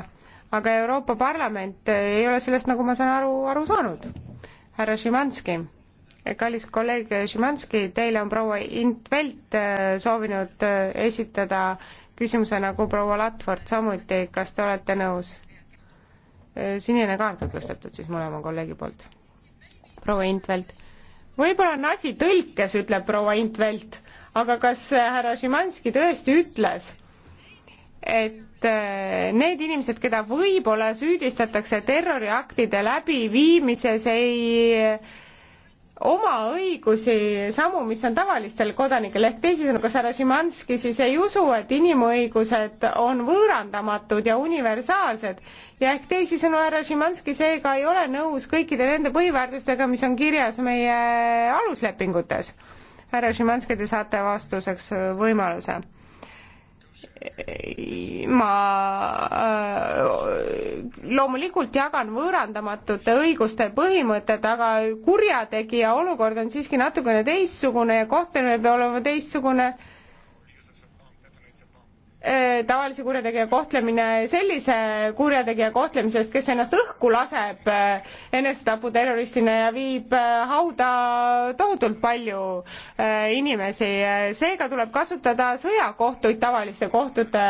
aga Euroopa Parlament ei ole sellest, nagu ma saan aru, aru saanud. härra Šimanski, kallis kolleeg Šimanski, teile on proua Intvelt soovinud esitada küsimuse nagu proua Latvort samuti, kas te olete nõus? sinine kaart on tõstetud siis mõlema kolleegi poolt. proua Intvelt. võib-olla on asi tõlkes, ütleb proua Intvelt, aga kas härra Šimanski tõesti ütles, et eh, need inimesed, keda võib-olla süüdistatakse terroriaktide läbiviimises, ei oma õigusi samu, mis on tavalistel kodanikel, ehk teisisõnu, kas härra Šimanski siis ei usu, et inimõigused on võõrandamatud ja universaalsed ja ehk teisisõnu, härra Šimanski seega ei ole nõus kõikide nende põhiväärtustega, mis on kirjas meie aluslepingutes? härra Šimanski, te saate vastuseks võimaluse ma äh, loomulikult jagan võõrandamatute õiguste põhimõtet, aga kurjategija olukord on siiski natukene teistsugune ja kohtlemine peab olema teistsugune Äh, tavalise kurjategija kohtlemine sellise kurjategija kohtlemisest, kes ennast õhku laseb äh, enesetaputerroristina ja viib äh, hauda tohutult palju inimesi. seega tuleb kasutada sõjakohtuid tavaliste kohtute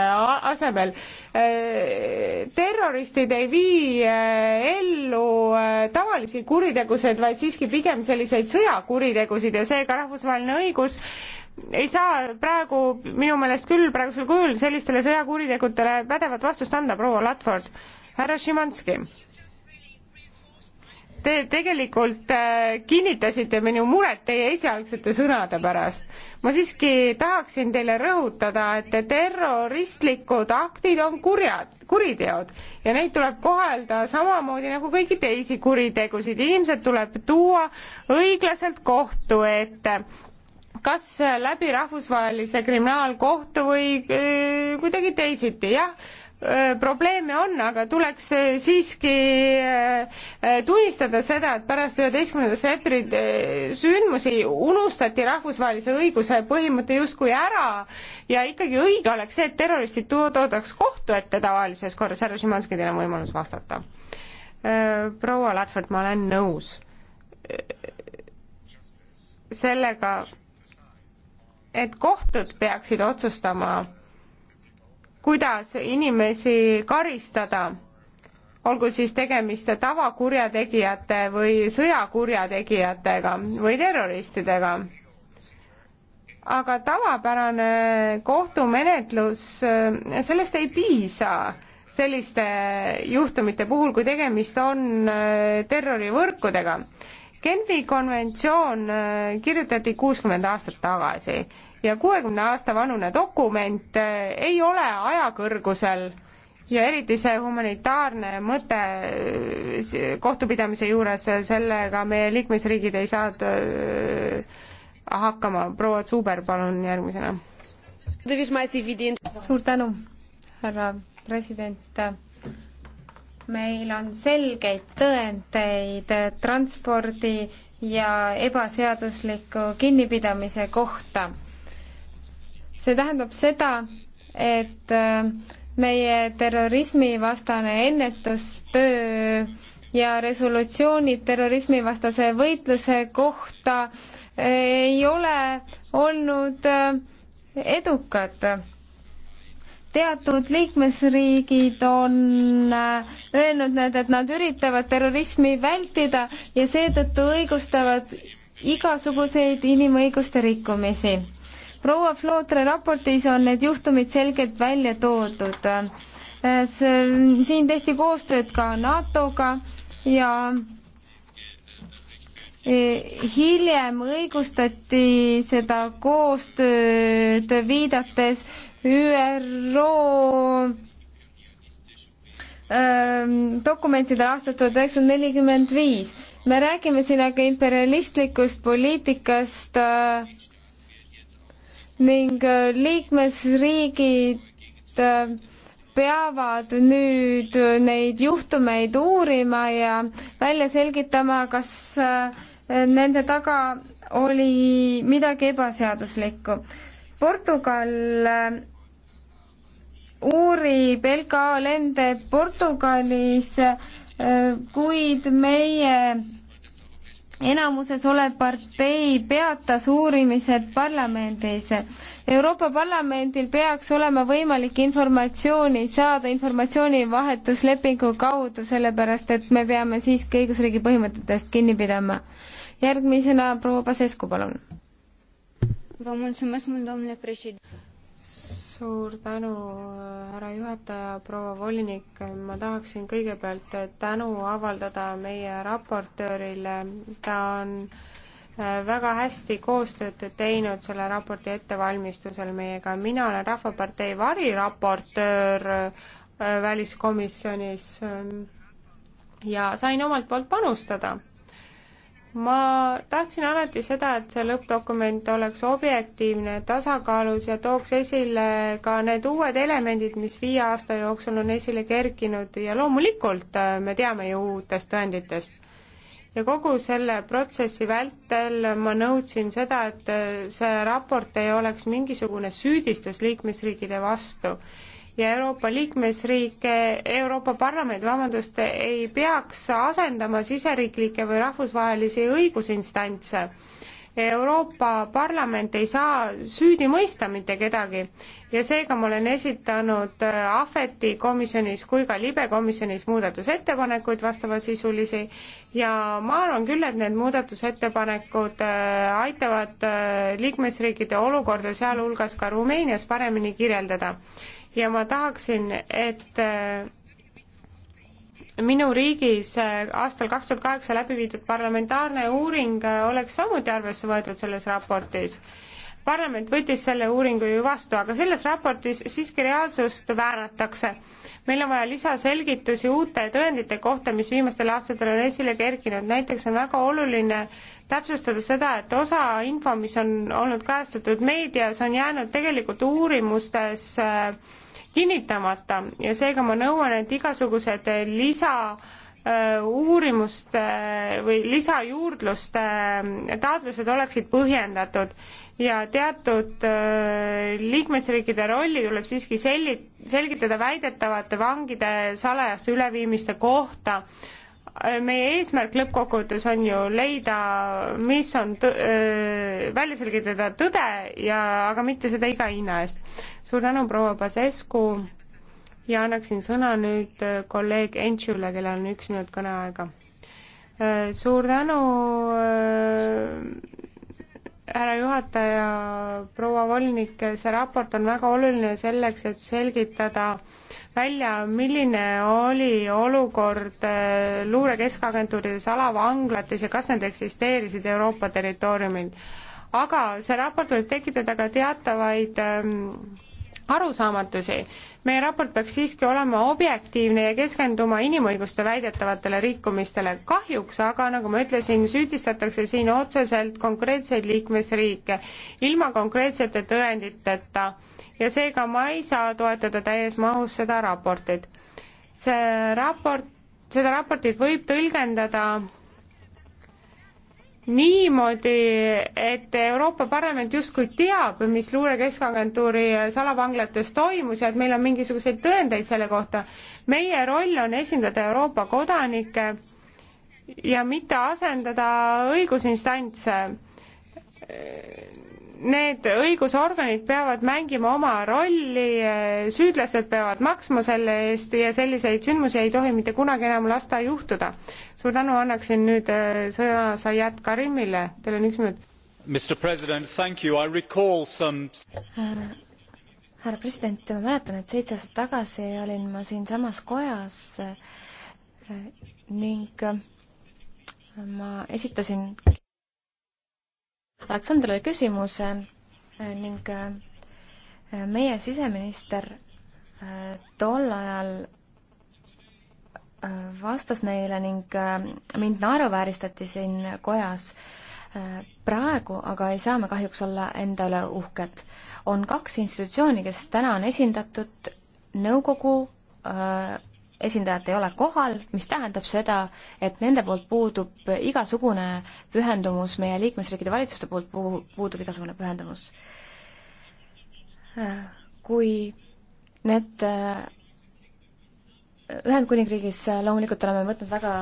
asemel Äh, terroristid ei vii äh, ellu äh, tavalisi kuritegusid, vaid siiski pigem selliseid sõjakuritegusid ja seega rahvusvaheline õigus ei saa praegu minu meelest küll praegusel kujul sellistele sõjakuritegudele pädevat vastust anda, proua Latford. härra Šimanski Te tegelikult äh, kinnitasite minu muret teie esialgsete sõnade pärast. ma siiski tahaksin teile rõhutada, et terroristlikud aktid on kurjad, kuriteod ja neid tuleb kohelda samamoodi nagu kõiki teisi kuritegusid. inimesed tuleb tuua õiglaselt kohtu ette kas läbi rahvusvahelise kriminaalkohtu või äh, kuidagi teisiti, jah probleeme on, aga tuleks äh, siiski äh, äh, tunnistada seda, et pärast üheteistkümnenda septembri sündmusi unustati rahvusvahelise õiguse põhimõte justkui ära ja ikkagi õige oleks see, et terroristid toodaks kohtu ette tavalises korras. härra Šimanski, teil on võimalus vastata. proua Ladford, ma olen nõus sellega, et kohtud peaksid otsustama kuidas inimesi karistada, olgu siis tegemist tavakurjategijate või sõjakurjategijatega või terroristidega. aga tavapärane kohtumenetlus, sellest ei piisa selliste juhtumite puhul, kui tegemist on äh, terrorivõrkudega. Genfi konventsioon äh, kirjutati kuuskümmend aastat tagasi ja kuuekümne aasta vanune dokument eh, ei ole ajakõrgusel ja eriti see humanitaarne mõte eh, kohtupidamise juures, eh, sellega meie liikmesriigid ei saa hakkama. proua Zuber, palun järgmisena. suur tänu, härra president. meil on selgeid tõendeid transpordi ja ebaseadusliku kinnipidamise kohta see tähendab seda, et äh, meie terrorismivastane ennetustöö ja resolutsioonid terrorismivastase võitluse kohta äh, ei ole olnud äh, edukad. teatud liikmesriigid on öelnud need, et nad üritavad terrorismi vältida ja seetõttu õigustavad igasuguseid inimõiguste rikkumisi proua Flootre raportis on need juhtumid selgelt välja toodud. siin tehti koostööd ka NATO-ga ja e, hiljem õigustati seda koostööd viidates ÜRO ähm, dokumentidele aastast tuhat üheksasada nelikümmend viis. me räägime siin aga imperialistlikust poliitikast äh, ning äh, liikmesriigid äh, peavad nüüd äh, neid juhtumeid uurima ja välja selgitama, kas nende taga oli midagi ebaseaduslikku. Portugal uurib LKA lende Portugalis, kuid meie enamuses olev partei peatas uurimised parlamendis. Euroopa Parlamendil peaks olema võimalik informatsiooni saada informatsioonivahetuslepingu kaudu, sellepärast et me peame siiski õigusriigi põhimõtetest kinni pidama. järgmisena proua Pasescu, palun suur tänu, härra juhataja, proua volinik, ma tahaksin kõigepealt tänu avaldada meie raportöörile, ta on äh, väga hästi koostööd teinud selle raporti ettevalmistusel meiega. mina olen Rahvapartei variraportöör äh, väliskomisjonis ähm, ja sain omalt poolt panustada ma tahtsin alati seda, et see lõppdokument oleks objektiivne, tasakaalus ja tooks esile ka need uued elemendid, mis viie aasta jooksul on esile kerkinud ja loomulikult äh, me teame ju uutest tõenditest. ja kogu selle protsessi vältel ma nõudsin seda, et äh, see raport ei oleks mingisugune süüdistus liikmesriikide vastu ja Euroopa liikmesriike, Euroopa Parlament, vabandust, ei peaks asendama siseriiklikke või rahvusvahelisi õigusinstantse. Euroopa Parlament ei saa süüdi mõista mitte kedagi ja seega ma olen esitanud äh, Ahveti komisjonis kui ka Libe komisjonis muudatusettepanekuid vastavasisulisi ja ma arvan küll, et need muudatusettepanekud äh, aitavad äh, liikmesriikide olukorda, sealhulgas ka Rumeenias, paremini kirjeldada ja ma tahaksin, et äh, minu riigis äh, aastal kaks tuhat kaheksa läbi viidud parlamentaarne uuring äh, oleks samuti arvesse võetud selles raportis. parlament võttis selle uuringu ju vastu, aga selles raportis siiski reaalsust vääratakse. meil on vaja lisaselgitusi uute tõendite kohta, mis viimastel aastatel on esile kerkinud, näiteks on väga oluline täpsustada seda, et osa info, mis on olnud kajastatud meedias, on jäänud tegelikult uurimustes äh, kinnitamata ja seega ma nõuan, et igasugused lisa äh, uurimuste äh, või lisajuurdluste äh, taotlused oleksid põhjendatud ja teatud liikmesriikide rolli tuleb siiski selli-, selgitada väidetavate vangide salajaste üleviimiste kohta äh, meie eesmärk lõppkokkuvõttes on ju leida, mis on tõ-, öö, välja selgitada tõde ja, aga mitte seda iga hinna eest. suur tänu, proua Pasescu ja annaksin sõna nüüd kolleeg Entšule, kellel on üks minut kõneaega. suur tänu, härra juhataja, proua volinik, see raport on väga oluline selleks, et selgitada öö, välja, milline oli olukord äh, luurekeskagentuurides, alavanglates ja kas need eksisteerisid Euroopa territooriumil. aga see raport võib tekitada ka teatavaid ähm, arusaamatusi. meie raport peaks siiski olema objektiivne ja keskenduma inimõiguste väidetavatele rikkumistele. kahjuks aga, nagu ma ütlesin, süüdistatakse siin otseselt konkreetseid liikmesriike ilma konkreetsete tõenditeta ja seega ma ei saa toetada täies mahus seda raportit. see raport, seda raportit võib tõlgendada niimoodi, et Euroopa Parlament justkui teab, mis luurekeskagentuuri salavanglates toimus ja et meil on mingisuguseid tõendeid selle kohta. meie roll on esindada Euroopa kodanikke ja mitte asendada õigusinstantse need õigusorganid peavad mängima oma rolli, süüdlased peavad maksma selle eest ja selliseid sündmusi ei tohi mitte kunagi enam lasta juhtuda. suur tänu, annaksin nüüd äh, sõna Zayat Karimile, teil on üks minut. Mr President, thank you, I recall some äh, härra president, ma mäletan, et seitse aastat tagasi olin ma siinsamas kojas äh, ning ma esitasin Aleksandrile küsimuse äh, ning äh, meie siseminister äh, tol ajal vastas neile ning mind naeruvääristati siin kojas. praegu aga ei saa me kahjuks olla enda üle uhked. on kaks institutsiooni, kes täna on esindatud, nõukogu esindajat ei ole kohal, mis tähendab seda, et nende poolt puudub igasugune pühendumus, meie liikmesriikide valitsuste poolt puudub igasugune pühendumus. kui need Ühendkuningriigis loomulikult oleme võtnud väga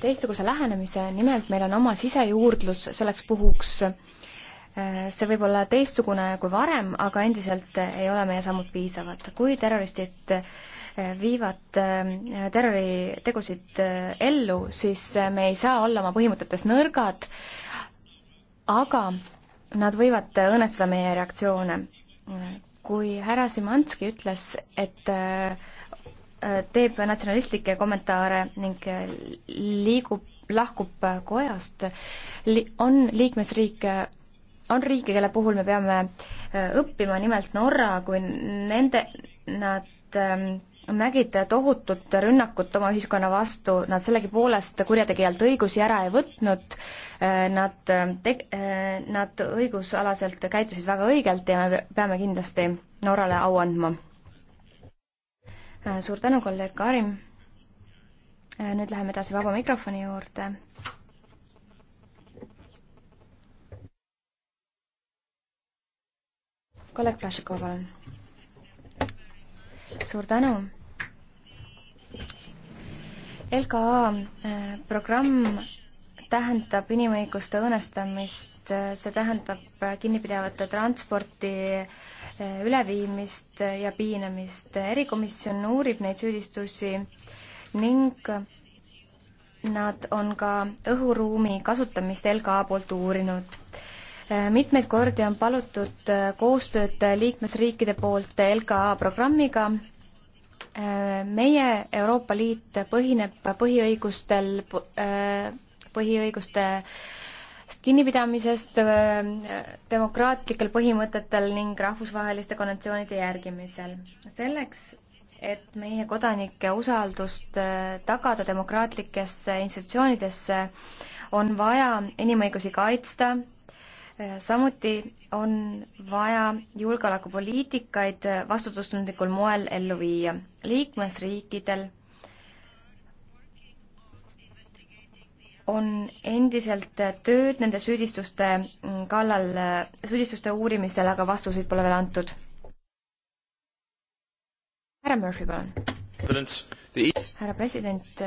teistsuguse lähenemise, nimelt meil on oma sisejuurdlus selleks puhuks, see võib olla teistsugune kui varem, aga endiselt ei ole meie sammud piisavad. kui terroristid viivad äh, terroritegusid äh, ellu, siis äh, me ei saa olla oma põhimõtetes nõrgad, aga nad võivad õõnestada meie reaktsioone. kui härra Simanski ütles, et teeb natsionalistlikke kommentaare ning liigub, lahkub kojast, on liikmesriike on riike, kelle puhul me peame õppima, nimelt Norra, kui nende, nad ähm, nägid tohutut rünnakut oma ühiskonna vastu, nad sellegipoolest kurjategijalt õigusi ära ei võtnud, äh, nad äh, teg-, äh, nad õigusalaselt käitusid väga õigelt ja me peame kindlasti Norrale au andma. suur tänu, kolleeg Karim. nüüd läheme edasi vaba mikrofoni juurde. kolleeg Plašikov, palun. suur tänu LKA äh, programm tähendab inimõiguste õõnestamist, äh, see tähendab äh, kinnipidavate transporti üleviimist ja piinamist. erikomisjon uurib neid süüdistusi ning nad on ka õhuruumi kasutamist LKA poolt uurinud. mitmeid kordi on palutud koostööd liikmesriikide poolt LKA programmiga meie Euroopa Liit põhineb põhiõigustel, äh, põhiõiguste kinnipidamisest, äh, demokraatlikel põhimõtetel ning rahvusvaheliste konventsioonide järgimisel. selleks, et meie kodanike usaldust äh, tagada demokraatlikesse institutsioonidesse, on vaja inimõigusi kaitsta Äh, samuti on vaja julgeolekupoliitikaid vastutustundlikul moel ellu viia. liikmesriikidel on endiselt tööd nende süüdistuste kallal, süüdistuste uurimisel, aga vastuseid pole veel antud. härra Murphy, palun. E- härra president,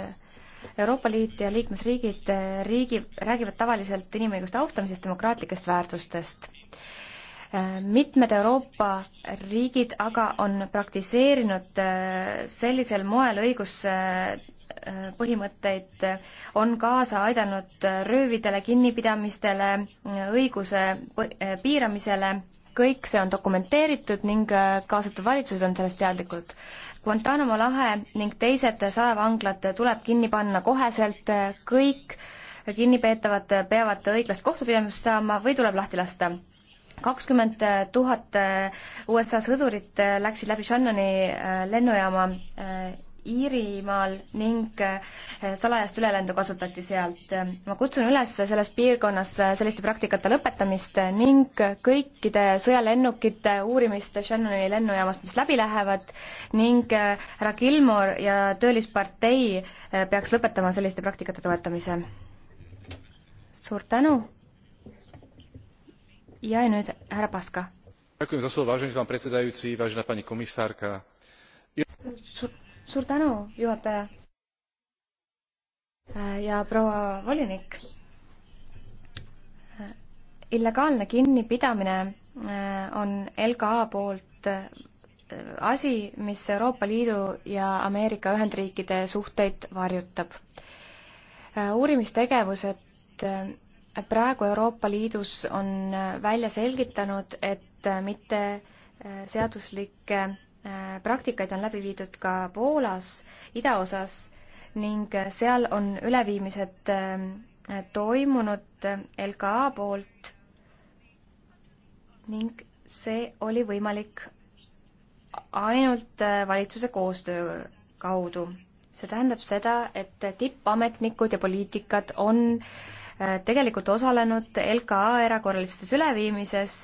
Euroopa Liit ja liikmesriigid eh, riigi, räägivad tavaliselt inimõiguste austamisest, demokraatlikest väärtustest. Eh, mitmed Euroopa riigid aga on praktiseerinud eh, sellisel moel õiguspõhimõtteid, on kaasa aidanud röövidele, kinnipidamistele, õiguse piiramisele, kõik see on dokumenteeritud ning kaasatud valitsused on sellest teadlikud Guantanamo lahe ning teised salavanglad tuleb kinni panna koheselt, kõik kinnipeetavad peavad õiglast kohtupidamist saama või tuleb lahti lasta. kakskümmend tuhat USA sõdurit läksid läbi Shannoni äh, lennujaama äh, Iirimaal ning eh, salajast ülelendu kasutati sealt. ma kutsun üles selles piirkonnas eh, selliste praktikate lõpetamist ning kõikide sõjalennukite uurimist Shannoni lennujaamast, mis läbi lähevad ning eh, härra Gilmore ja töölispartei peaks lõpetama selliste praktikate toetamise. suur tänu! ja nüüd härra Paska. Ďakujem za slovo, vážený pán predsedajúci, vážená pani komisárka. Suur suur tänu, juhataja. Äh, ja proua volinik. Äh, illegaalne kinnipidamine äh, on LKA poolt asi, mis Euroopa Liidu ja Ameerika Ühendriikide suhteid varjutab. uurimistegevused praegu Euroopa Liidus on välja selgitanud, et mitte seaduslike Äh, praktikaid on läbi viidud ka Poolas idaosas ning seal on üleviimised äh, toimunud LKA poolt ning see oli võimalik ainult äh, valitsuse koostöö kaudu. see tähendab seda, et tippametnikud ja poliitikad on tegelikult osalenud LKA erakorralistes üleviimises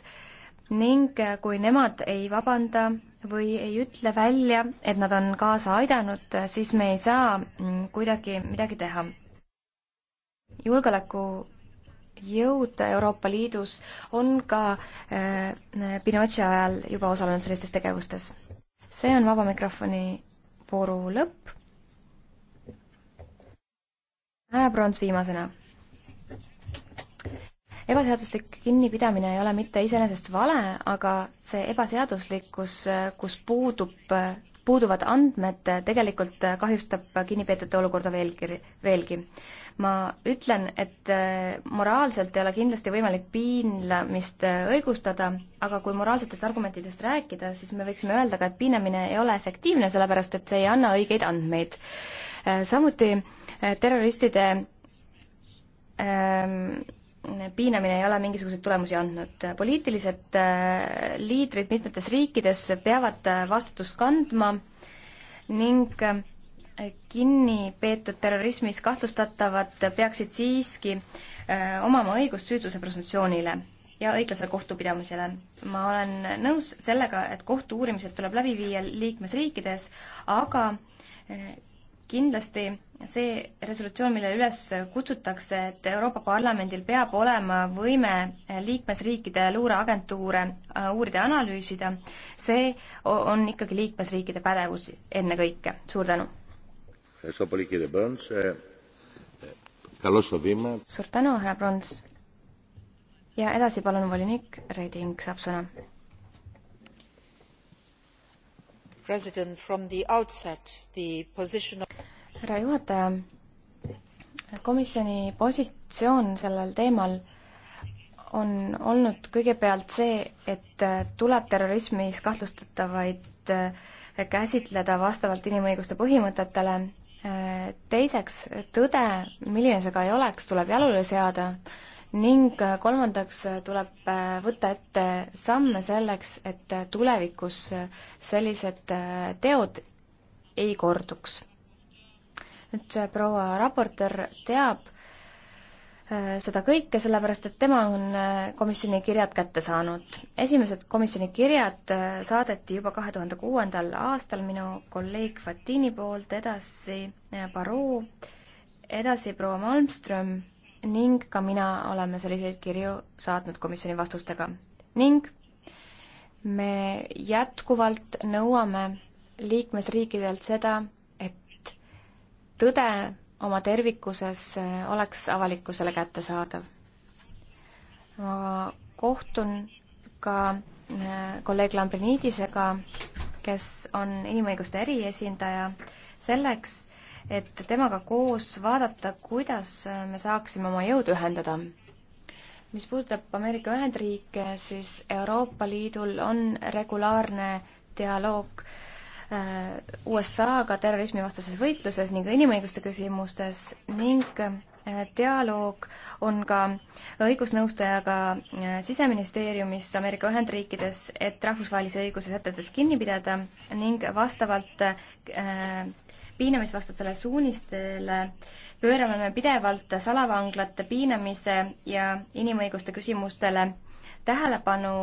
ning kui nemad ei vabanda või ei ütle välja, et nad on kaasa aidanud, siis me ei saa mm, kuidagi midagi teha. julgeolekujõud Euroopa Liidus on ka äh, Pinochet ajal juba osalenud sellistes tegevustes. see on vaba mikrofoni vooru lõpp. härra Prons viimasena ebaseaduslik kinnipidamine ei ole mitte iseenesest vale, aga see ebaseaduslikkus, kus puudub, puuduvad andmed, tegelikult kahjustab kinnipeetute olukorda veelgi, veelgi. ma ütlen, et eh, moraalselt ei ole kindlasti võimalik piinlamist eh, õigustada, aga kui moraalsetest argumentidest rääkida, siis me võiksime öelda ka, et piinamine ei ole efektiivne, sellepärast et see ei anna õigeid andmeid. Eh, samuti terroristide ähm, piinamine ei ole mingisuguseid tulemusi andnud. poliitilised äh, liidrid mitmetes riikides peavad äh, vastutust kandma ning äh, kinni peetud terrorismis kahtlustatavad peaksid siiski omama õigust süütuse presumptsioonile ja õiglasele kohtupidamisele. ma olen nõus sellega, et kohtu-uurimised tuleb läbi viia liikmesriikides, aga kindlasti see resolutsioon, millele üles kutsutakse, et Euroopa Parlamendil peab olema võime liikmesriikide luureagentuure äh, uurida ja analüüsida, see on ikkagi liikmesriikide pädevus ennekõike. suur tänu! suur tänu, härra Brons! ja edasi palun, volinik Reding saab sõna. president, from the outset the position of härra juhataja, komisjoni positsioon sellel teemal on olnud kõigepealt see, et tuleb terrorismis kahtlustatavaid äh, käsitleda vastavalt inimõiguste põhimõtetele, äh, teiseks, tõde, milline see ka ei oleks, tuleb jalule seada ning äh, kolmandaks tuleb võtta ette samme selleks, et tulevikus sellised teod ei korduks nüüd äh, proua raportöör teab äh, seda kõike, sellepärast et tema on äh, komisjoni kirjad kätte saanud. esimesed komisjoni kirjad saadeti juba kahe tuhande kuuendal aastal minu kolleeg Fatini poolt, edasi Baruu, edasi proua Malmström ning ka mina oleme selliseid kirju saatnud komisjoni vastustega. ning me jätkuvalt nõuame liikmesriikidelt seda, tõde oma tervikuses äh, oleks avalikkusele kättesaadav. ma kohtun ka äh, kolleeg Lambrinidisega, kes on inimõiguste eriesindaja, selleks, et temaga koos vaadata, kuidas äh, me saaksime oma jõud ühendada. mis puudutab Ameerika Ühendriike, siis Euroopa Liidul on regulaarne dialoog äh, Äh, USA-ga terrorismivastases võitluses ning inimõiguste küsimustes ning äh, dialoog on ka õigusnõustajaga äh, Siseministeeriumis Ameerika Ühendriikides, et rahvusvahelise õiguse sätetes kinni pidada ning vastavalt piinamisvastasele suunistele pöörame me pidevalt salavanglate piinamise ja inimõiguste küsimustele tähelepanu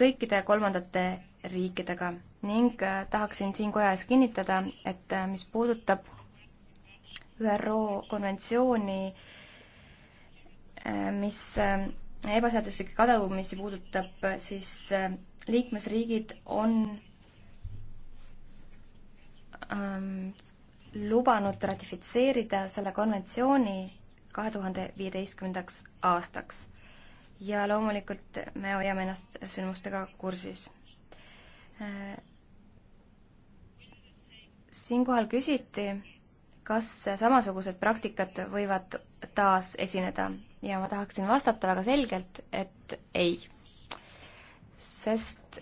kõikide kolmandate riikidega ning äh, tahaksin siin koja ees kinnitada, et äh, mis puudutab ÜRO konventsiooni, äh, mis ebaseaduslikke kadumisi puudutab, siis liikmesriigid on ähm, lubanud ratifitseerida selle konventsiooni kahe tuhande viieteistkümnendaks aastaks. ja loomulikult me hoiame ennast sündmustega kursis Äh, siinkohal küsiti, kas samasugused praktikad võivad taas esineda ja ma tahaksin vastata väga selgelt, et ei. sest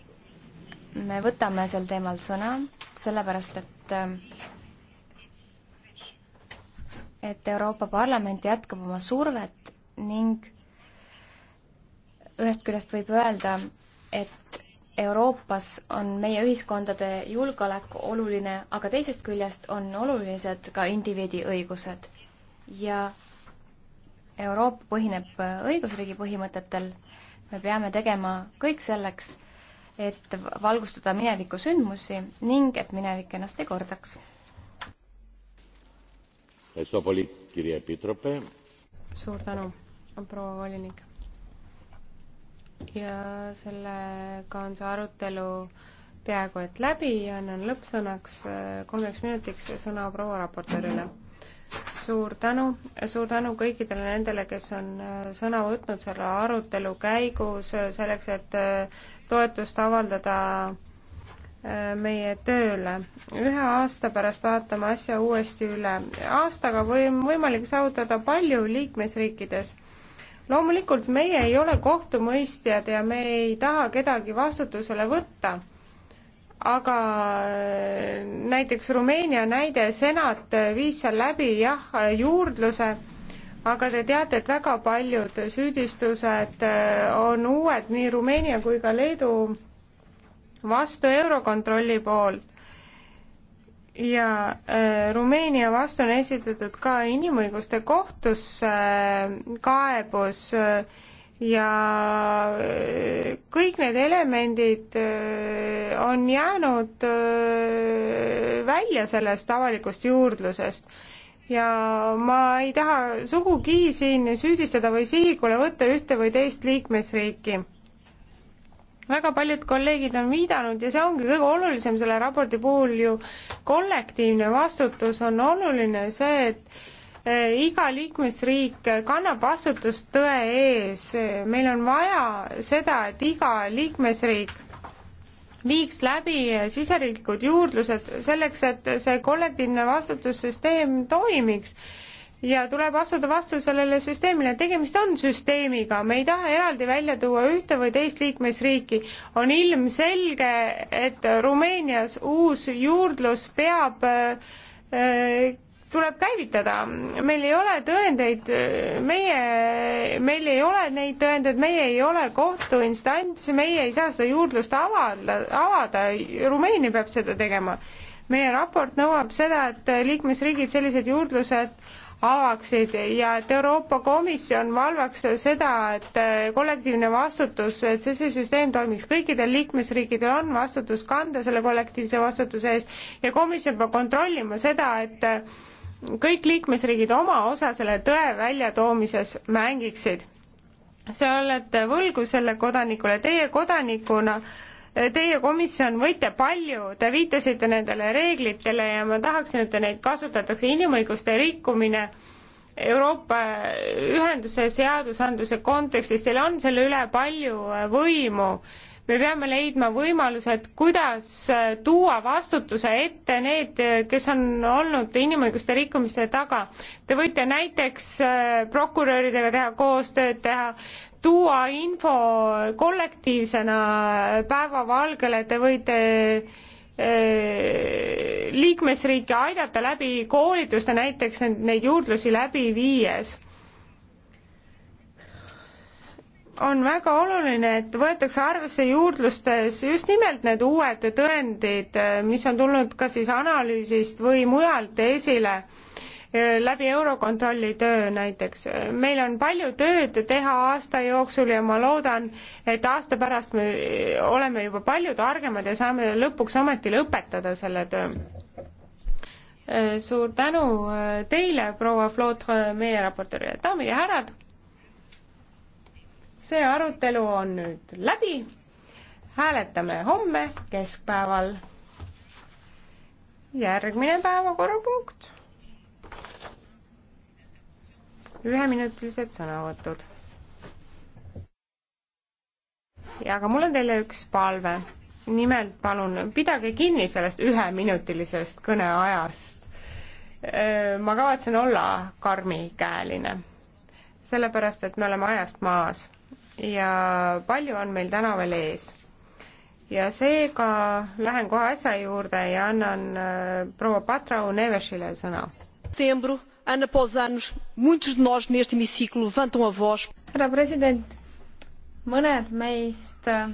me võtame sel teemal sõna, sellepärast et äh, et Euroopa Parlament jätkab oma survet ning ühest küljest võib öelda, et Euroopas on meie ühiskondade julgeolek oluline, aga teisest küljest on olulised ka indiviidi õigused. ja Euroopa põhineb õigusriigi põhimõtetel. me peame tegema kõik selleks, et valgustada mineviku sündmusi ning et minevik ennast ei kordaks. suur tänu, proua volinik ja sellega on see arutelu peaaegu et läbi ja annan lõppsõnaks äh, kolmeks minutiks sõna proua raportöörile. suur tänu, suur tänu kõikidele nendele, kes on äh, sõna võtnud selle arutelu käigus äh, selleks, et toetust avaldada meie tööle. ühe aasta pärast vaatame asja uuesti üle. aastaga või on võimalik saavutada palju liikmesriikides loomulikult meie ei ole kohtumõistjad ja me ei taha kedagi vastutusele võtta, aga äh, näiteks Rumeenia näide, senat äh, viis seal läbi jah, äh, juurdluse, aga te teate, et väga paljud süüdistused on uued nii Rumeenia kui ka Leedu vastu Eurokontrolli poolt ja äh, Rumeenia vastu on esitatud ka inimõiguste kohtusse äh, kaebus äh, ja äh, kõik need elemendid äh, on jäänud äh, välja sellest avalikust juurdlusest. ja ma ei taha sugugi siin süüdistada või sihikule võtta ühte või teist liikmesriiki väga paljud kolleegid on viidanud ja see ongi kõige olulisem selle raporti puhul ju kollektiivne vastutus on oluline see, et eh, iga liikmesriik kannab vastutust tõe ees. meil on vaja seda, et iga liikmesriik viiks läbi siseriiklikud juurdlused selleks, et see kollektiivne vastutussüsteem toimiks ja tuleb astuda vastu sellele süsteemile, tegemist on süsteemiga, me ei taha eraldi välja tuua ühte või teist liikmesriiki. on ilmselge, et Rumeenias uus juurdlus peab äh, tuleb käivitada, meil ei ole tõendeid, äh, meie, meil ei ole neid tõendeid, meie ei ole kohtuinstants, meie ei saa seda juurdlust avada, avada, Rumeenia peab seda tegema. meie raport nõuab seda, et liikmesriigid sellised juurdlused avaksid ja et Euroopa Komisjon valvaks seda, et eh, kollektiivne vastutus, et see, see süsteem toimiks, kõikidel liikmesriikidel on vastutus kanda selle kollektiivse vastutuse eest ja komisjon peab kontrollima seda, et eh, kõik liikmesriigid oma osa selle tõe väljatoomises mängiksid. sa oled võlgu selle kodanikule, teie kodanikuna äh, Teie komisjon võite palju, te viitasite nendele reeglitele ja ma tahaksin, et te neid kasutatakse, inimõiguste rikkumine Euroopa ühenduse seadusandluse kontekstis, teil on selle üle palju võimu me peame leidma võimalused, kuidas äh, tuua vastutuse ette need, äh, kes on olnud inimõiguste rikkumiste taga. Te võite näiteks äh, prokuröridega teha koostööd, teha, tuua info kollektiivsena päevavalgele, te võite liikmesriike aidata läbi koolituste näiteks neid juurdlusi läbi viies on väga oluline, et võetakse arvesse juurdlustes just nimelt need uued tõendid, mis on tulnud ka siis analüüsist või mujalt esile eh, läbi Eurokontrolli töö näiteks. meil on palju tööd teha aasta jooksul ja ma loodan, et aasta pärast me oleme juba palju targemad ja saame lõpuks ometi lõpetada selle töö. Eh, suur tänu eh, teile, proua Flotre, meie raportööri, daamid ja härrad see arutelu on nüüd läbi. hääletame homme keskpäeval. järgmine päevakorrapunkt. üheminutilised sõnavõtud. ja aga mul on teile üks palve. nimelt palun pidage kinni sellest üheminutilisest kõneajast. ma kavatsen olla karmikäeline sellepärast et me oleme ajast maas ja palju on meil täna veel ees. ja seega lähen kohe asja juurde ja annan äh, proua Patrau Nevesile sõna. härra president, mõned meist äh,